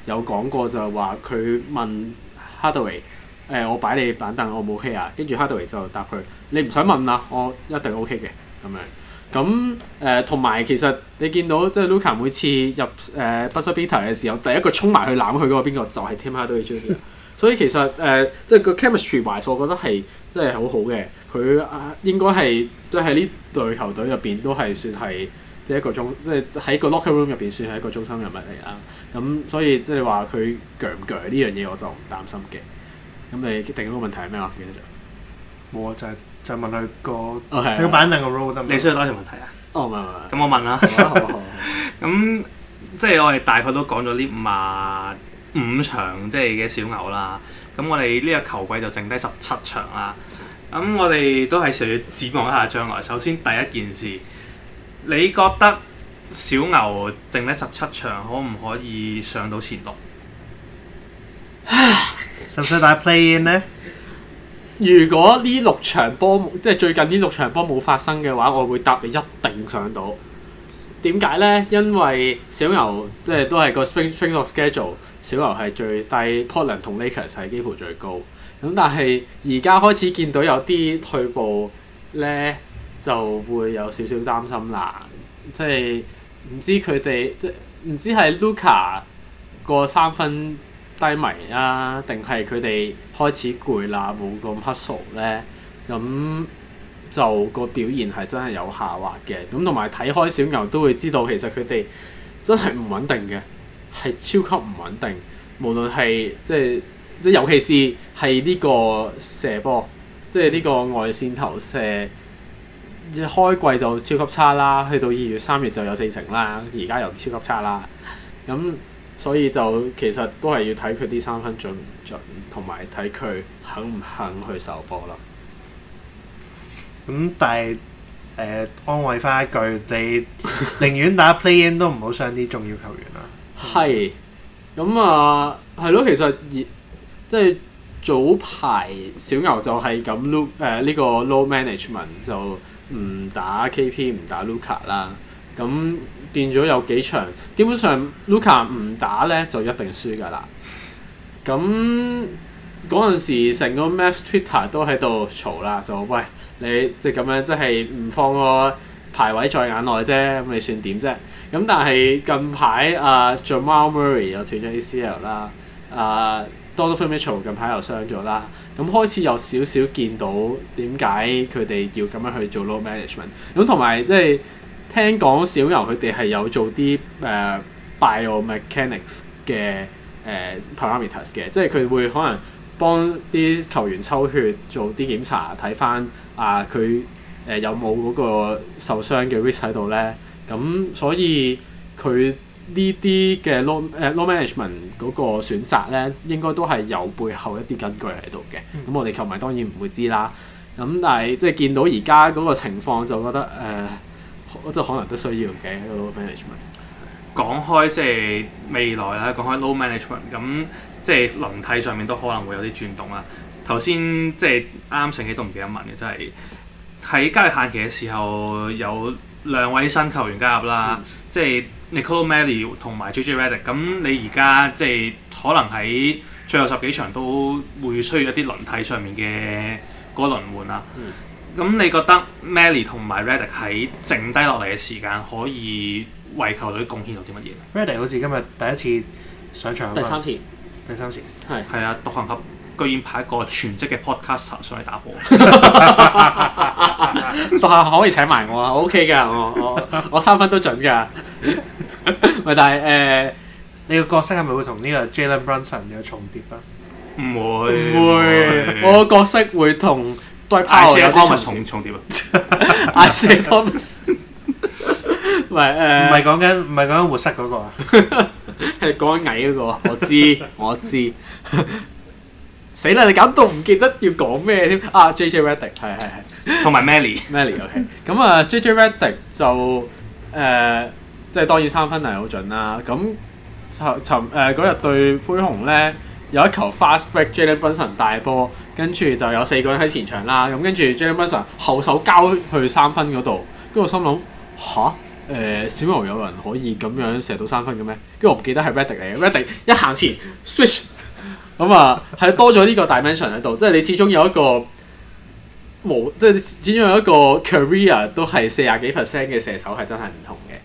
有講過就係話佢問哈德威誒我擺你板凳我 OK 唔 OK 啊。」跟住哈德威就答佢你唔使問啦，我一定 OK 嘅咁樣。咁誒同埋其實你見到即係 Luca 每次入 Bus 誒，不收邊頭嘅時候，第一個衝埋去攬佢嗰個邊個就係、是、Tim h a r d a w y 所以其實誒、呃、即係個 chemistry 埋，我覺得係即係好好嘅。佢應該係即係呢隊球隊入邊都係算係即係一個中，即係喺個 locker room 入邊算係一個中心人物嚟啊。咁 所以即係話佢強唔強呢樣嘢，我就唔擔心嘅。咁你第定個問題係咩話？記得我就冇啊，就係。就問佢、佢個個板凳個 role 得唔得？你需要多條問題、oh, 問啊！哦， 唔係唔係，咁我問啦。咁即係我哋大概都講咗呢五五場即係嘅小牛啦。咁我哋呢個球季就剩低十七場啦。咁我哋都係想要展望一下將來。首先第一件事，你覺得小牛剩低十七場可唔可以上到前六？十先大 Play in 呢？如果呢六場波即係最近呢六場波冇發生嘅話，我會答你一定上到。點解呢？因為小牛即係都係個 spring spring of schedule，小牛係最低，Portland 同 Lakers 係幾乎最高。咁但係而家開始見到有啲退步呢，就會有少少擔心啦。即係唔知佢哋即唔知係 Luka 個三分。低迷啊，定係佢哋開始攰啦，冇咁 hustle 咧，咁就個表現係真係有下滑嘅。咁同埋睇開小牛都會知道，其實佢哋真係唔穩定嘅，係超級唔穩定。無論係即係即尤其是係呢個射波，即係呢個外線投射，一開季就超級差啦，去到二月三月就有四成啦，而家又超級差啦，咁。所以就其實都係要睇佢啲三分準唔準，同埋睇佢肯唔肯去受波啦。咁但係誒、呃、安慰翻一句，你寧願打 play in 都唔好傷啲重要球員啦。係。咁啊，係咯，其實即係早排小牛就係咁 l o o 呢個 load management 就唔打 KP，唔打 Luka 啦。咁。變咗有幾場，基本上 Luka 唔打咧就一定輸㗎啦。咁嗰陣時，成個 Math Twitter 都喺度嘈啦，就喂你即係咁樣，即係唔放個排位在眼內啫，咁你算點啫？咁但係近排阿、啊、Jamal Murray 又斷咗 ACL 啦、啊，阿 Donovan Mitchell 近排又傷咗啦，咁開始有少少見到點解佢哋要咁樣去做 load management，咁同埋即係。聽講小牛佢哋係有做啲誒、uh, biomechanics 嘅誒、uh, parameters 嘅，即係佢會可能幫啲球員抽血做啲檢查，睇返啊佢誒、呃、有冇嗰個受傷嘅 risk 喺度咧。咁所以佢呢啲嘅 load 誒、uh, load management 嗰個選擇咧，應該都係有背後一啲根據喺度嘅。咁、嗯、我哋球迷當然唔會知啦。咁但係即係見到而家嗰個情況，就覺得誒。Uh, 我就可能都需要嘅 low management。講開即係未來啦，講開 low management，咁即係輪替上面都可能會有啲轉動啦。頭先即係啱醒起都唔記得問嘅，真係喺交易限期嘅時候有兩位新球員加入啦、嗯，即係 Nicolo Melli 同埋 JJ Redick。咁你而家即係可能喺最後十幾場都會需要一啲輪替上面嘅嗰個輪換啦。嗯咁你覺得 Melli 同埋 Redick 喺剩低落嚟嘅時間可以為球隊貢獻到啲乜嘢？Redick 好似今日第一次上場，第三次，第三次，係是，係啊！獨行俠居然派一個全職嘅 podcaster 上嚟打波， 獨行俠可以請埋我啊、okay！我 OK 㗎，我我我三分都準㗎。咪 但係誒，呃、 你個角色係咪會同呢個 Jalen Brunson 有重疊啊？唔會，唔會，唔會，我個角色會同。對派死 Thomas 重重點啊！派死 Thomas 咪誒，唔係講緊唔係講緊活塞嗰個啊，係講緊矮嗰個，我知我知。死啦！你搞到唔記得要講咩添啊？JJ Redick 係係係，同埋 Merry Merry OK。咁啊，JJ Redick 就誒，即係當然三分係好準啦。咁尋尋誒嗰日對灰熊咧。有一球 fast break，Jalen Brunson 大波，跟住就有四個人喺前場啦。咁跟住 Jalen Brunson 後手交去三分嗰度，跟住我心諗吓，誒、欸，小牛有人可以咁樣射到三分嘅咩？跟住我唔記得係 Reddy 嚟嘅，Reddy 一行前 switch，咁啊，係多咗呢個 dimension 喺度，即係你始終有一個冇，即係始終有一個 career 都係四十幾 percent 嘅射手係真係唔同嘅。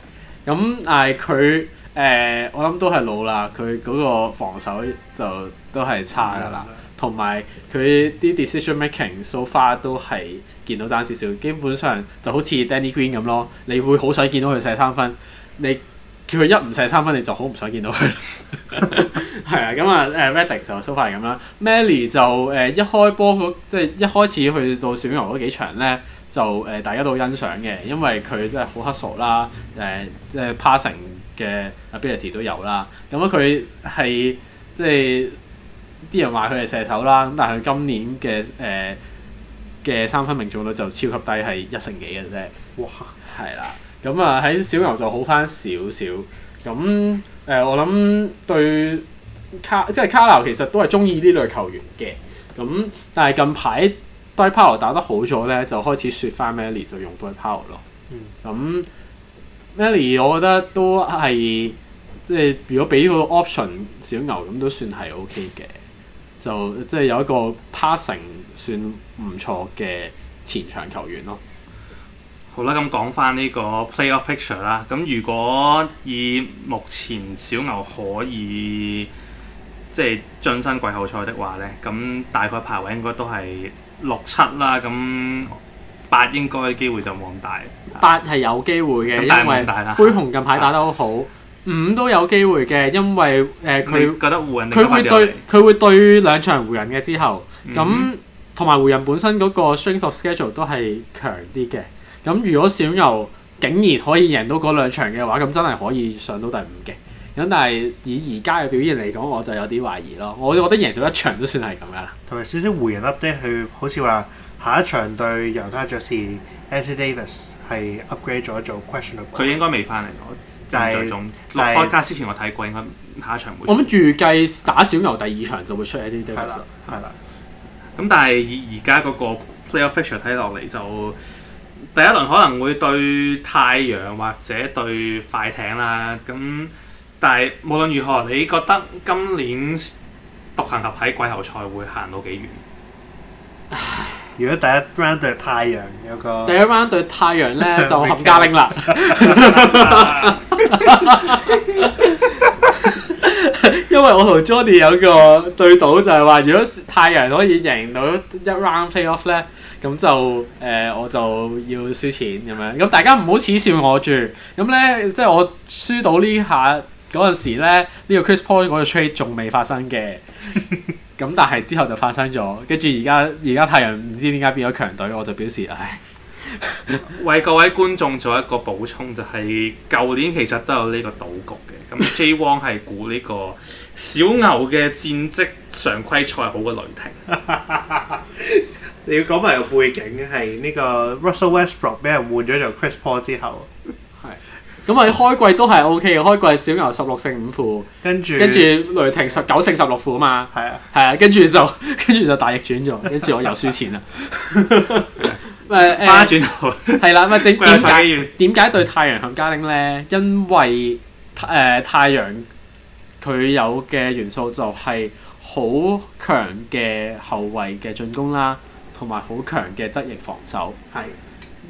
咁誒，佢。誒、呃，我諗都係老啦，佢嗰個防守就都係差噶啦，同埋佢啲 decision making so far 都係見到爭少少，基本上就好似 Danny Green 咁咯，你會好想見到佢射三分，你叫佢一唔射三分，你就好唔想見到佢。係 啊，咁啊誒，Reddy 就 so far 係咁啦 Mally 就誒、呃、一開波即係一開始去到小牛嗰幾場咧，就誒、呃、大家都好欣賞嘅，因為佢真係好黑索啦，誒、呃、即係 passing。嘅 ability 都有啦，咁啊佢係即係啲人話佢係射手啦，咁但係佢今年嘅誒嘅三分命中率就超級低，係一成幾嘅啫。哇！係啦、啊，咁、嗯、啊喺小牛就好翻少少。咁、呃、誒，我諗對卡即係卡勞其實都係中意呢類球員嘅。咁但係近排 Dwight Powell 打得好咗咧，就開始説翻 Melly 就用 Dwight Powell 咯。咁、mm. 嗯。Manny 我覺得都係即係如果俾個 option 小牛咁都算係 O K 嘅，就即係有一個 passing 算唔錯嘅前場球員咯。好啦，咁講返呢個 playoff picture 啦。咁如果以目前小牛可以即係、就是、晉身季後賽的話呢，咁大概排位應該都係六七啦，咁八應該機會就冇咁大。八係有機會嘅，因為灰熊近排打得好好，嗯、五都有機會嘅，因為誒佢覺得湖人佢會對佢會對兩場湖人嘅之後，咁同埋湖人本身嗰個 strength of schedule 都係強啲嘅。咁如果小牛竟然可以贏到嗰兩場嘅話，咁真係可以上到第五嘅。咁但係以而家嘅表現嚟講，我就有啲懷疑咯。我覺得贏到一場都算係咁樣啦。同埋少少湖人 update 去，好似話下一場對猶他爵士、嗯。Anthony, Anthony Davis 係 upgrade 咗做 questionable。佢應該未翻嚟，我就現在落開加之前我睇過，應該下一場會我諗預計打小牛第二場就會出 Anthony Davis，係啦。咁但係而而家嗰個 playoff picture 睇落嚟，就第一輪可能會對太陽或者對快艇啦。咁但係無論如何，你覺得今年獨行俠喺季後賽會行到幾遠？ 如果第一 round 對太陽，有個，第一 round 對太陽咧 就冚家拎啦，因為我同 Johnny 有個對賭，就係、是、話如果太陽可以贏到一 round playoff 咧，咁就誒、呃、我就要輸錢咁樣。咁大家唔好恥笑我住。咁咧即係我輸到呢下嗰陣時咧，呢、這個 Chris Paul 嗰個 trade 仲未發生嘅。咁 但係之後就發生咗，跟住而家而家太陽唔知點解變咗強隊，我就表示唉，哎、 為各位觀眾做一個補充，就是，就係舊年其實都有呢個賭局嘅，咁 J 汪係估呢個小牛嘅戰績常規賽好過雷霆。 你要講埋個背景係呢個 Russell Westbrook，ok，俾人換咗做 Chris Paul 之後。咁啊！開季都係 OK 嘅，開季小牛十六勝五負，跟住著跟住雷霆十九勝十六負啊嘛，係啊，係啊，跟住就跟住就大逆轉咗，跟住我又輸錢啦。咪、 啊呃、花轉頭係啦，咪點解點解對太陽向家丁咧？因為誒、呃、太陽佢有嘅元素就係好強嘅後衞嘅進攻啦，同埋好強嘅側翼防守。係的。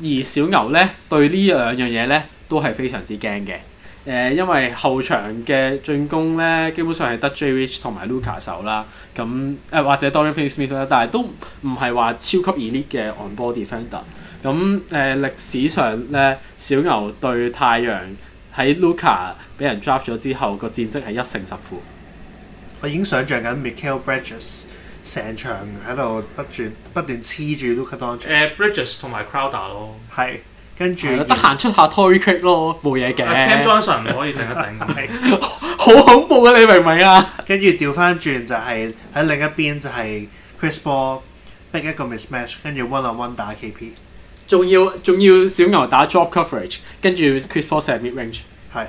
而小牛咧對呢兩樣嘢咧。都係非常之驚嘅，誒，因為後場嘅進攻咧，基本上係得 jrich 同埋 Luka 手啦，咁誒、呃、或者 Dorian Finney-Smith 啦，但係都唔係話超級 elite 嘅 on board defender，咁誒歷、呃、史上咧，小牛對太陽喺 Luka 俾人 draft 咗之後個戰績係一勝十負。我已經想象緊 Mikal Bridges 成場喺度不斷不斷黐住 Luka Doncic，誒、呃、bridges 同埋 crowder 咯，係跟住得閒出下拖曲咯，冇嘢嘅。Cam Johnson 唔可以定一定嘅，好恐怖啊！你明唔明啊？跟住調翻轉就係喺另一邊就係 Chris Paul 逼一個 miss match，跟住 One-on-One 打 KP，仲要仲要小牛打 drop coverage，跟住 Chris Paul 射 mid range，係。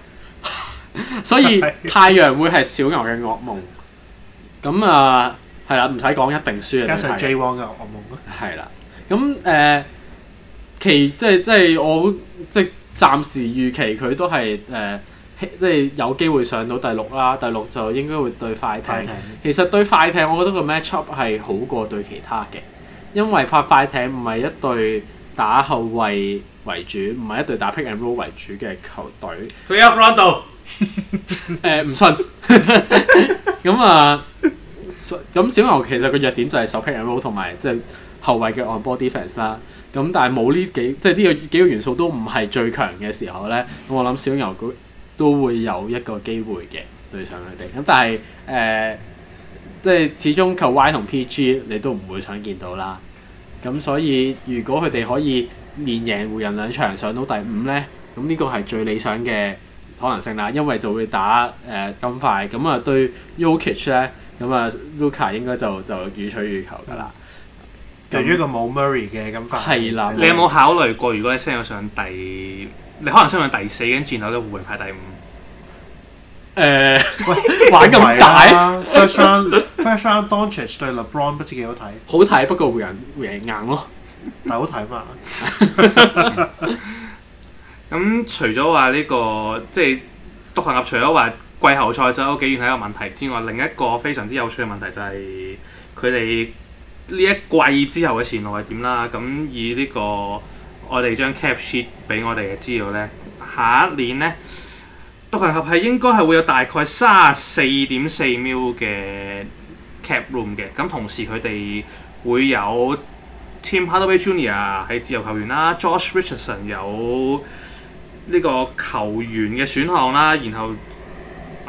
所以太陽會係小牛嘅噩夢。咁啊，係啦，唔使講一定輸啊。加上 JWong 嘅噩夢咯。係啦，咁誒。其即係即係我即係暫時預期佢都係誒、呃，即係有機會上到第六啦。第六就應該會對快艇。 其實對快艇，我覺得個 matchup 係好過對其他嘅，因為拍快艇唔係一隊打後衞為主，唔係一隊打 pick and roll 為主嘅球隊。佢喺 front 度誒，唔、 呃、信咁、 嗯、啊！咁小牛其實個弱點就係守 pick and roll 同埋即係後衞嘅 on body defence 啦。咁但係冇呢幾，即係呢個幾個元素都唔係最強嘅時候咧，咁我諗小牛佢都會有一個機會嘅對上佢哋。咁但係誒、呃，即係始終 Kawhi 同 PG 你都唔會想見到啦。咁所以如果佢哋可以連贏湖人兩場上到第五咧，咁呢個係最理想嘅可能性啦，因為就會打誒、呃、金塊咁啊，對 Jokic 咧，咁啊 Luka 應該就就予取予求㗎啦。由於個冇 Murray 嘅咁翻，的你，你有冇考慮過？如果你升到上第，你可能升上第四，咁轉頭都湖人排第五。誒、呃，玩咁大啦 ！First round，First round，Doncic 對 LeBron 不知幾好睇，好睇不過湖人贏硬咯， 但好睇嘛。咁除咗話呢個即係獨行俠，除咗話、這個、季後賽走幾遠係一個問題之外，另一個非常之有趣嘅問題就係佢哋。呢一季之後嘅前路係點啦？咁以、這個、呢個我哋將 cap sheet 俾我哋嘅資料咧，下一年咧獨行俠係應該係會有大概三十四點四 mil 嘅 cap room 嘅。咁同時佢哋會有 Tim Hardaway Jr. 係自由球員啦，Josh Richardson 有呢個球員嘅選項啦，然後。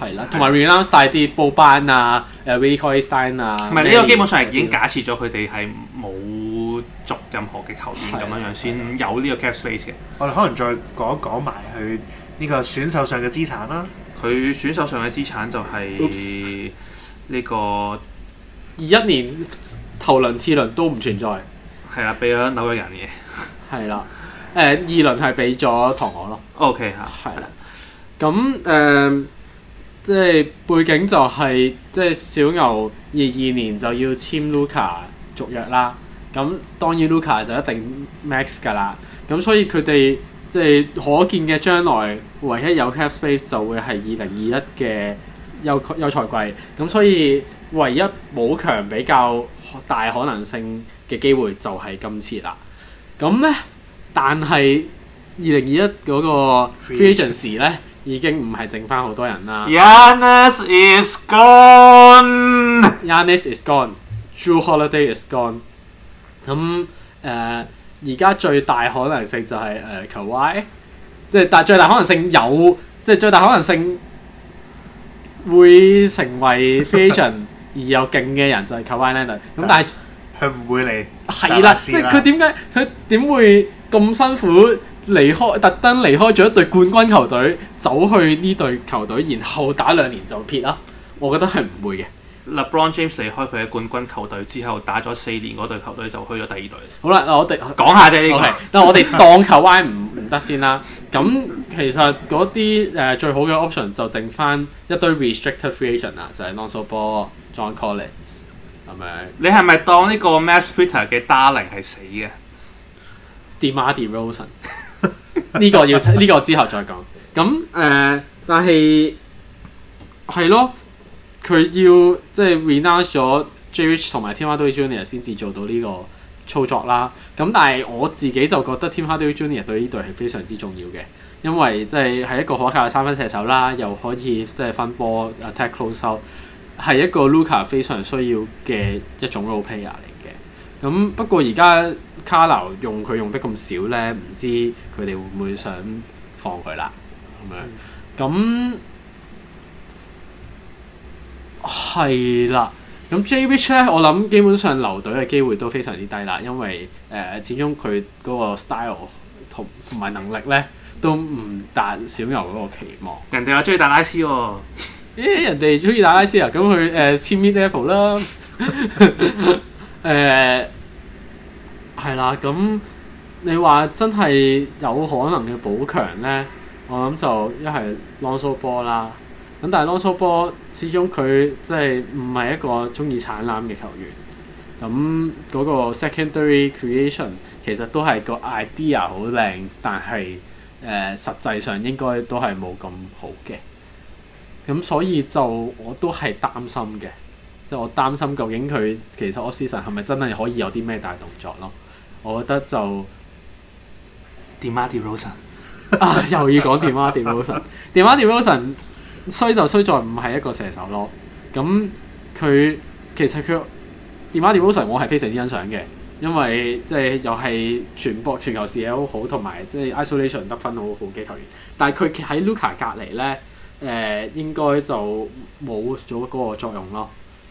係啦，同埋 rearm 曬啲報班啊，誒 Reykjavik 啊，唔係呢個基本上係已經假設咗佢哋係冇續任何嘅球員咁樣樣先有呢個 cap space 嘅。我哋可能再講一講埋佢呢個選手上嘅資產啦。佢選手上嘅資產就係呢個二一年頭輪次輪都唔存在。係啊，俾咗紐約人嘅。係啦，誒二輪係俾咗唐可咯。OK 嚇、yeah，係啦、嗯。咁誒。即係背景就係即係小牛二二年就要簽 Luka 續約啦，咁當然 Luka 就一定 max 噶啦，咁所以佢哋即係可見嘅將來唯一有 cap space 就會係二零二一嘅休休賽季，咁所以唯一冇強比較大可能性嘅機會就係今次啦。咁咧，但係二零二一嗰個 free agency 咧。已經唔係剩翻好多人啦。Yannis is gone。Yannis is gone。True holiday is gone。咁、呃、誒，而家最大可能性就係、是、誒、呃、Kawhi 即係但係最大可能性有，即係最大可能性會成為 fashion 而又勁嘅人就係 Kawhi Leonard。咁但係佢唔會嚟。係啦，即係佢點解佢點會咁辛苦？ 離開特登離開咗一隊冠軍球隊，走去呢隊球隊，然後打兩年就撇啦。我覺得係唔會嘅。LeBron James 離開佢嘅冠軍球隊之後，打咗四年嗰隊球隊就去咗第二隊。好啦，我哋講下啫、這個，呢個係，但係我哋當球歪唔唔得先啦。咁其實嗰啲誒最好嘅 option 就剩翻一堆 restricted free agent 啦，就係 Lonzo Ball、John Collins 咁樣。你係咪當呢個 Mavs Twitter 嘅 Darling 係死嘅？DeMar DeRozan 呢個要呢個之後再講。咁誒，但係係咯，佢要即係 renounce 咗 JH 同埋 Tim Hardaway Jr. 先至做到呢個操作啦。咁但係我自己就覺得 Tim Hardaway Jr. 對呢隊係非常之重要嘅，因為即係係一個可靠嘅三分射手啦，又可以即係分波 attack closeout，係一個 Luka 非常需要嘅一種武器嚟。咁不過而家卡流用佢用得咁少咧，唔知佢哋會唔會想放佢啦？咁樣咁係啦。咁 Jv c h 咧，我諗基本上留隊嘅機會都非常之低啦，因為誒、呃、始終佢嗰個 style 同同埋能力咧都唔達小牛嗰個期望。人哋又中意達拉斯喎、哦，誒、欸、人哋中意達拉斯啊，咁佢誒簽 mid level 啦。 誒係啦，咁、嗯、你話真係有可能嘅補強呢？我諗就一係 Lonzo Ball 啦。咁但係 Lonzo Ball 始終佢即係唔係一個中意搶籃嘅球員。咁嗰個 secondary creation 其實都係個 idea 好靚，但係誒、呃、實際上應該都係冇咁好嘅。咁所以就我都係擔心嘅。即係我擔心，究竟佢其實 off-season 神係咪真係可以有啲咩大動作咯？我覺得就 Dimitrov 神 啊，又要講 Dimitrov 神。 Dimitrov 神衰就衰在唔係一個射手咯。咁、嗯、佢其實佢 Dimitrov 神我係非常之欣賞嘅，因為即係又係傳播全球視野好好，同埋即係 Isolation 得分好好嘅球員。但係佢喺 Luka 隔籬咧，誒、呃、應該就冇咗嗰個作用咯。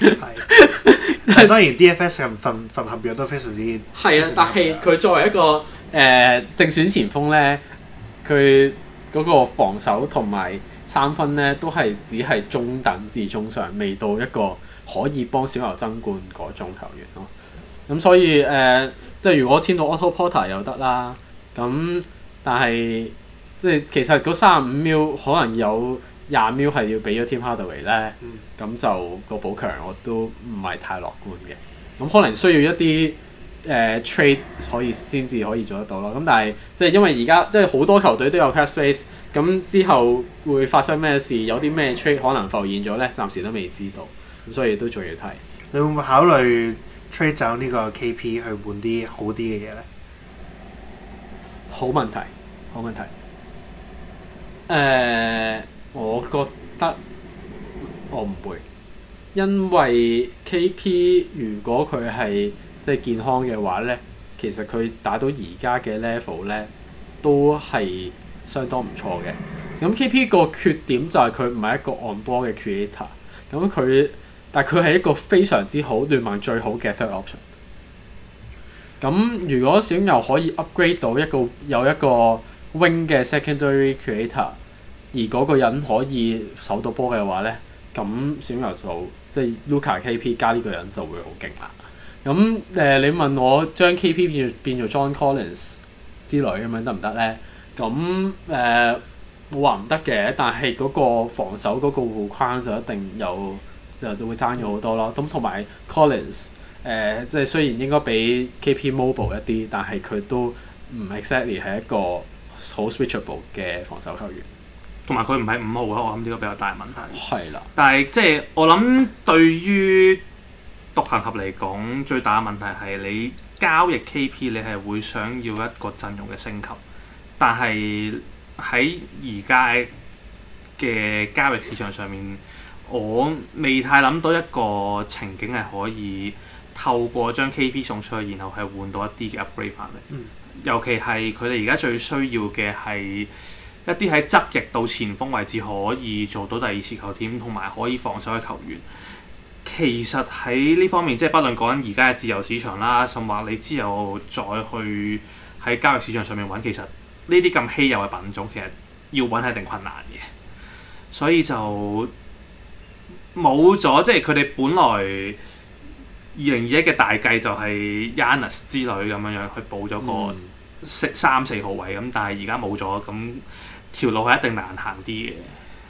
係， 當然 DFS 佢份份合約都非常之係啊，但係佢作為一個誒、呃、正選前鋒咧，佢嗰個防守同埋三分咧，都係只係中等至中上，未到一個可以幫小牛爭冠嗰種球員咯。咁所以誒、呃，即係如果簽到 Otto Porter 又得啦，咁但係即係其實嗰三十五秒可能有廿秒係要俾咗 Tim Hardaway 咧。嗯。咁就、個補強我都唔係太樂觀嘅，咁可能需要一啲誒、呃、trade 可以先至可以做得到咯。咁但係即係因為而家即係好多球隊都有 cash space，咁之後會發生咩事，有啲咩 trade 可能浮現咗咧，暫時都未知道，咁所以都仲要睇。你會唔會考慮 trade 走呢個 KP 去換啲好啲嘅嘢咧？好問題，好問題。誒、呃，我覺得。我唔會，因為 KP 如果佢係即係健康嘅話咧，其實佢打到而家嘅 level 咧都係相當唔錯嘅。咁 KP 個缺點就係佢唔係一個按波嘅 creator。咁佢但係佢係一個非常之好，聯盟最好嘅 third option。咁如果小牛可以 upgrade 到一個有一個 wing 嘅 secondary creator，而嗰個人可以守到波嘅話咧？咁小牛組即係 Luca KP 加呢個人就會好勁啦。咁誒、呃、你問我將 KP 變變做 John Collins 之類，咁樣得唔得咧？咁誒、呃、我話唔得嘅，但係個防守個護框就一定有就就會爭咗好多咯。咁同埋 Collins 誒、呃、即係雖然應該比 KP Mobile 一啲，但係佢都唔 exactly 係一個好 switchable 嘅防守球員。同埋佢唔係五號啊，我諗呢個比較大問題。係啦，但係即係我諗，對於獨行俠嚟講，最大嘅問題係你交易 KP，你係會想要一個陣容嘅升級，但係喺而家嘅交易市場上面，我未太諗到一個情景係可以透過將 KP 送出去，然後係換到一啲嘅 upgrade 翻嚟。嗯，尤其係佢哋而家最需要嘅係一啲喺側翼到前鋒位置可以做到第二次球點同埋可以防守嘅球員，其實喺呢方面即係、就是、不論講緊而家嘅自由市場啦，甚至你之後再去喺交易市場上面揾，其實呢啲咁稀有嘅品種，其實要揾係一定困難嘅，所以就冇咗即係佢哋本來二零二一嘅大計就係 Yannis 之類咁樣樣去補咗個三四號位咁，嗯、但係而家冇咗咁。條路係一定難行啲嘅。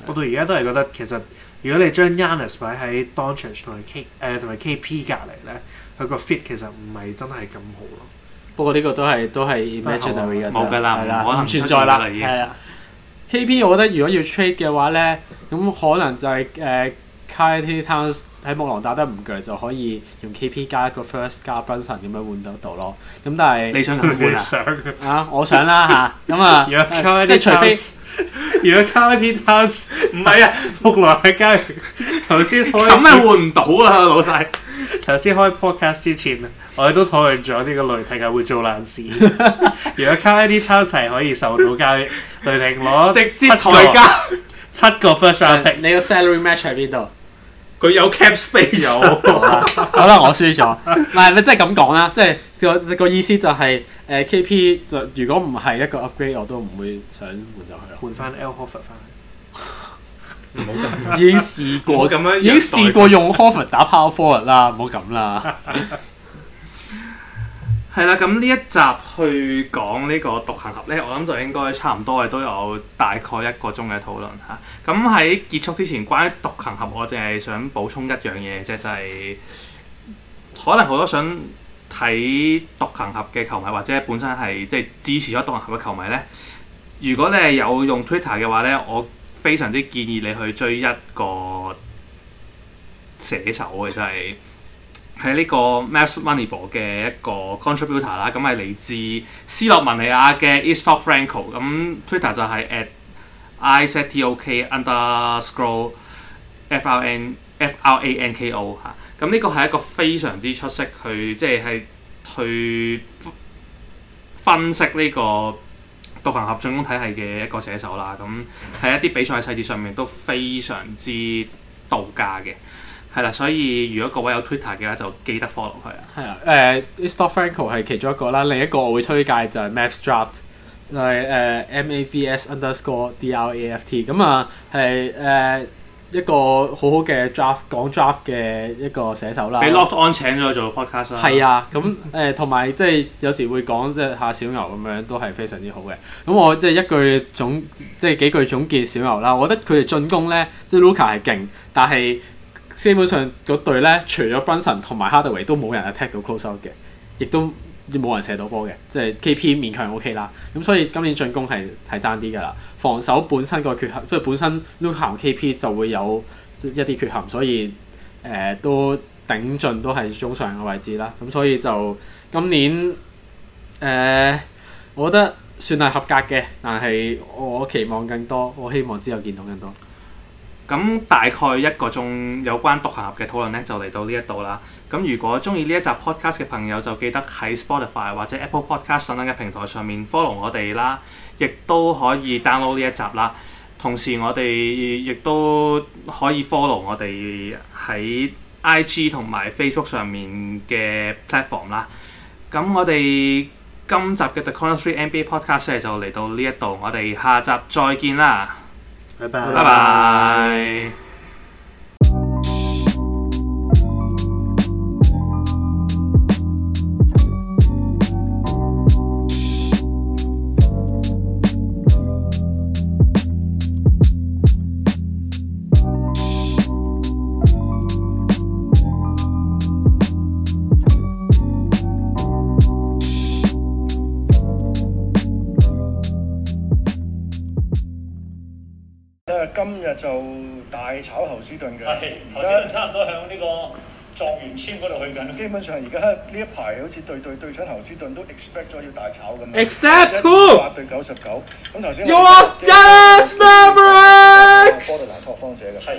我到而家都係覺得，其實如果你將 Yarnis 擺喺 Doncich 同埋 K 誒同埋 KP 隔籬咧，佢個 fit 其實唔係真係咁好咯。不過呢個都係都係 imaginary 嘅，冇㗎啦，唔可能存在啦，已經 KP 我覺得如果要 trade 嘅話咧，咁可能就係、係、誒。呃卡 T Towns 喺木狼打得唔攰就可以用 KP 加一個 first 加 Brunson 咁樣換得到咯，咁但係你想唔想啊？我想啦嚇，咁啊，即係除非如果卡 T Towns 唔係啊，木狼係雞頭先。咁咪換唔到啦，老細。頭先開 podcast 之前，我哋都討論咗呢個雷霆係會做爛事。如果卡 T Towns 係可以受到雞，雷霆攞直接台加七個 first star。你個 salary match 喺邊度？佢有 cap space，可能 我輸咗。唔係，咪即係咁講啦，即係個意思就係、是、誒、呃、KP 就如果唔係一個 upgrade，我都唔會想換就係啦，換翻到 Al Horford 翻去。唔好咁， 已經試過，咁樣已經試過用 Horford 打 Power Forward 啦，唔好咁啦。 係啦，咁呢一集去講呢個獨行俠呢，我諗就應該差唔多嘅，都有大概一個鐘嘅討論吓。咁喺結束之前，關於獨行俠，我淨係想補充一樣嘢啫，就係、係、可能好多想睇獨行俠嘅球迷，或者本身係即係支持咗獨行俠嘅球迷呢。如果你係有用 Twitter 嘅話呢，我非常之建議你去追一個寫手嘅，真、就、係、係。係呢個 Mavs Moneyball 嘅一個 contributor 啦，咁係嚟自斯洛文尼亞嘅 Iztok Franko，咁 Twitter 就係 at I S T O K under scroll F R N F R A N K O 吓，咁呢個係一個非常之出色去即係去分析呢個獨行俠進攻體系嘅一個寫手啦，咁喺一啲比賽細節上面都非常之到家嘅。係啦，所以如果各位有 Twitter 嘅話，就記得 follow 佢啊。係啊，誒、呃、Isaac Franco 係其中一個啦。另一個我會推介就係 Mavs Draft，就係誒 Mavs Underscore Draft。咁、呃、啊，係誒、呃、一個好好嘅 Draft 講 Draft 嘅一個寫手啦。俾 Lockon 請咗做 Podcast。係啊，咁誒同埋即係有時會講即係下小牛咁樣，都係非常之好嘅。咁我即係一句總，即、就、係、是、幾句總結小牛啦。我覺得佢哋進攻咧，即係 Luka 係勁，但係，基本上個隊咧，除咗 Brunson 同埋 Hardaway 都冇人係踢到 closeout 嘅，亦都冇人射到波嘅，即係 KP 勉強 OK 啦。咁所以今年進攻係係爭啲噶啦，防守本身個缺陷，即係本身 Luka KP 就會有一啲缺陷，所以誒、呃、都頂盡都係中上嘅位置啦。咁所以就今年誒、呃，我覺得算係合格嘅，但係我期望更多，我希望之後見到更多。咁大概一個鐘有關獨行俠嘅討論咧，就嚟到呢一度啦。咁如果中意呢一集 podcast 嘅朋友，就記得喺 Spotify 或者 Apple Podcast 等等嘅平台上面 follow 我哋啦，亦都可以 download 呢一集啦。同時我哋亦都可以 follow 我哋喺 IG 同埋 Facebook 上面嘅 platform 啦。咁我哋今集嘅 The Corner Three NBA Podcast 就嚟到呢一度，我哋下集再見啦！拜拜。基本上而家呢一排好似對對對準侯斯頓都 expect 咗要大炒咁樣，一百對九十九。咁頭先我包咗兩套方程式嘅，係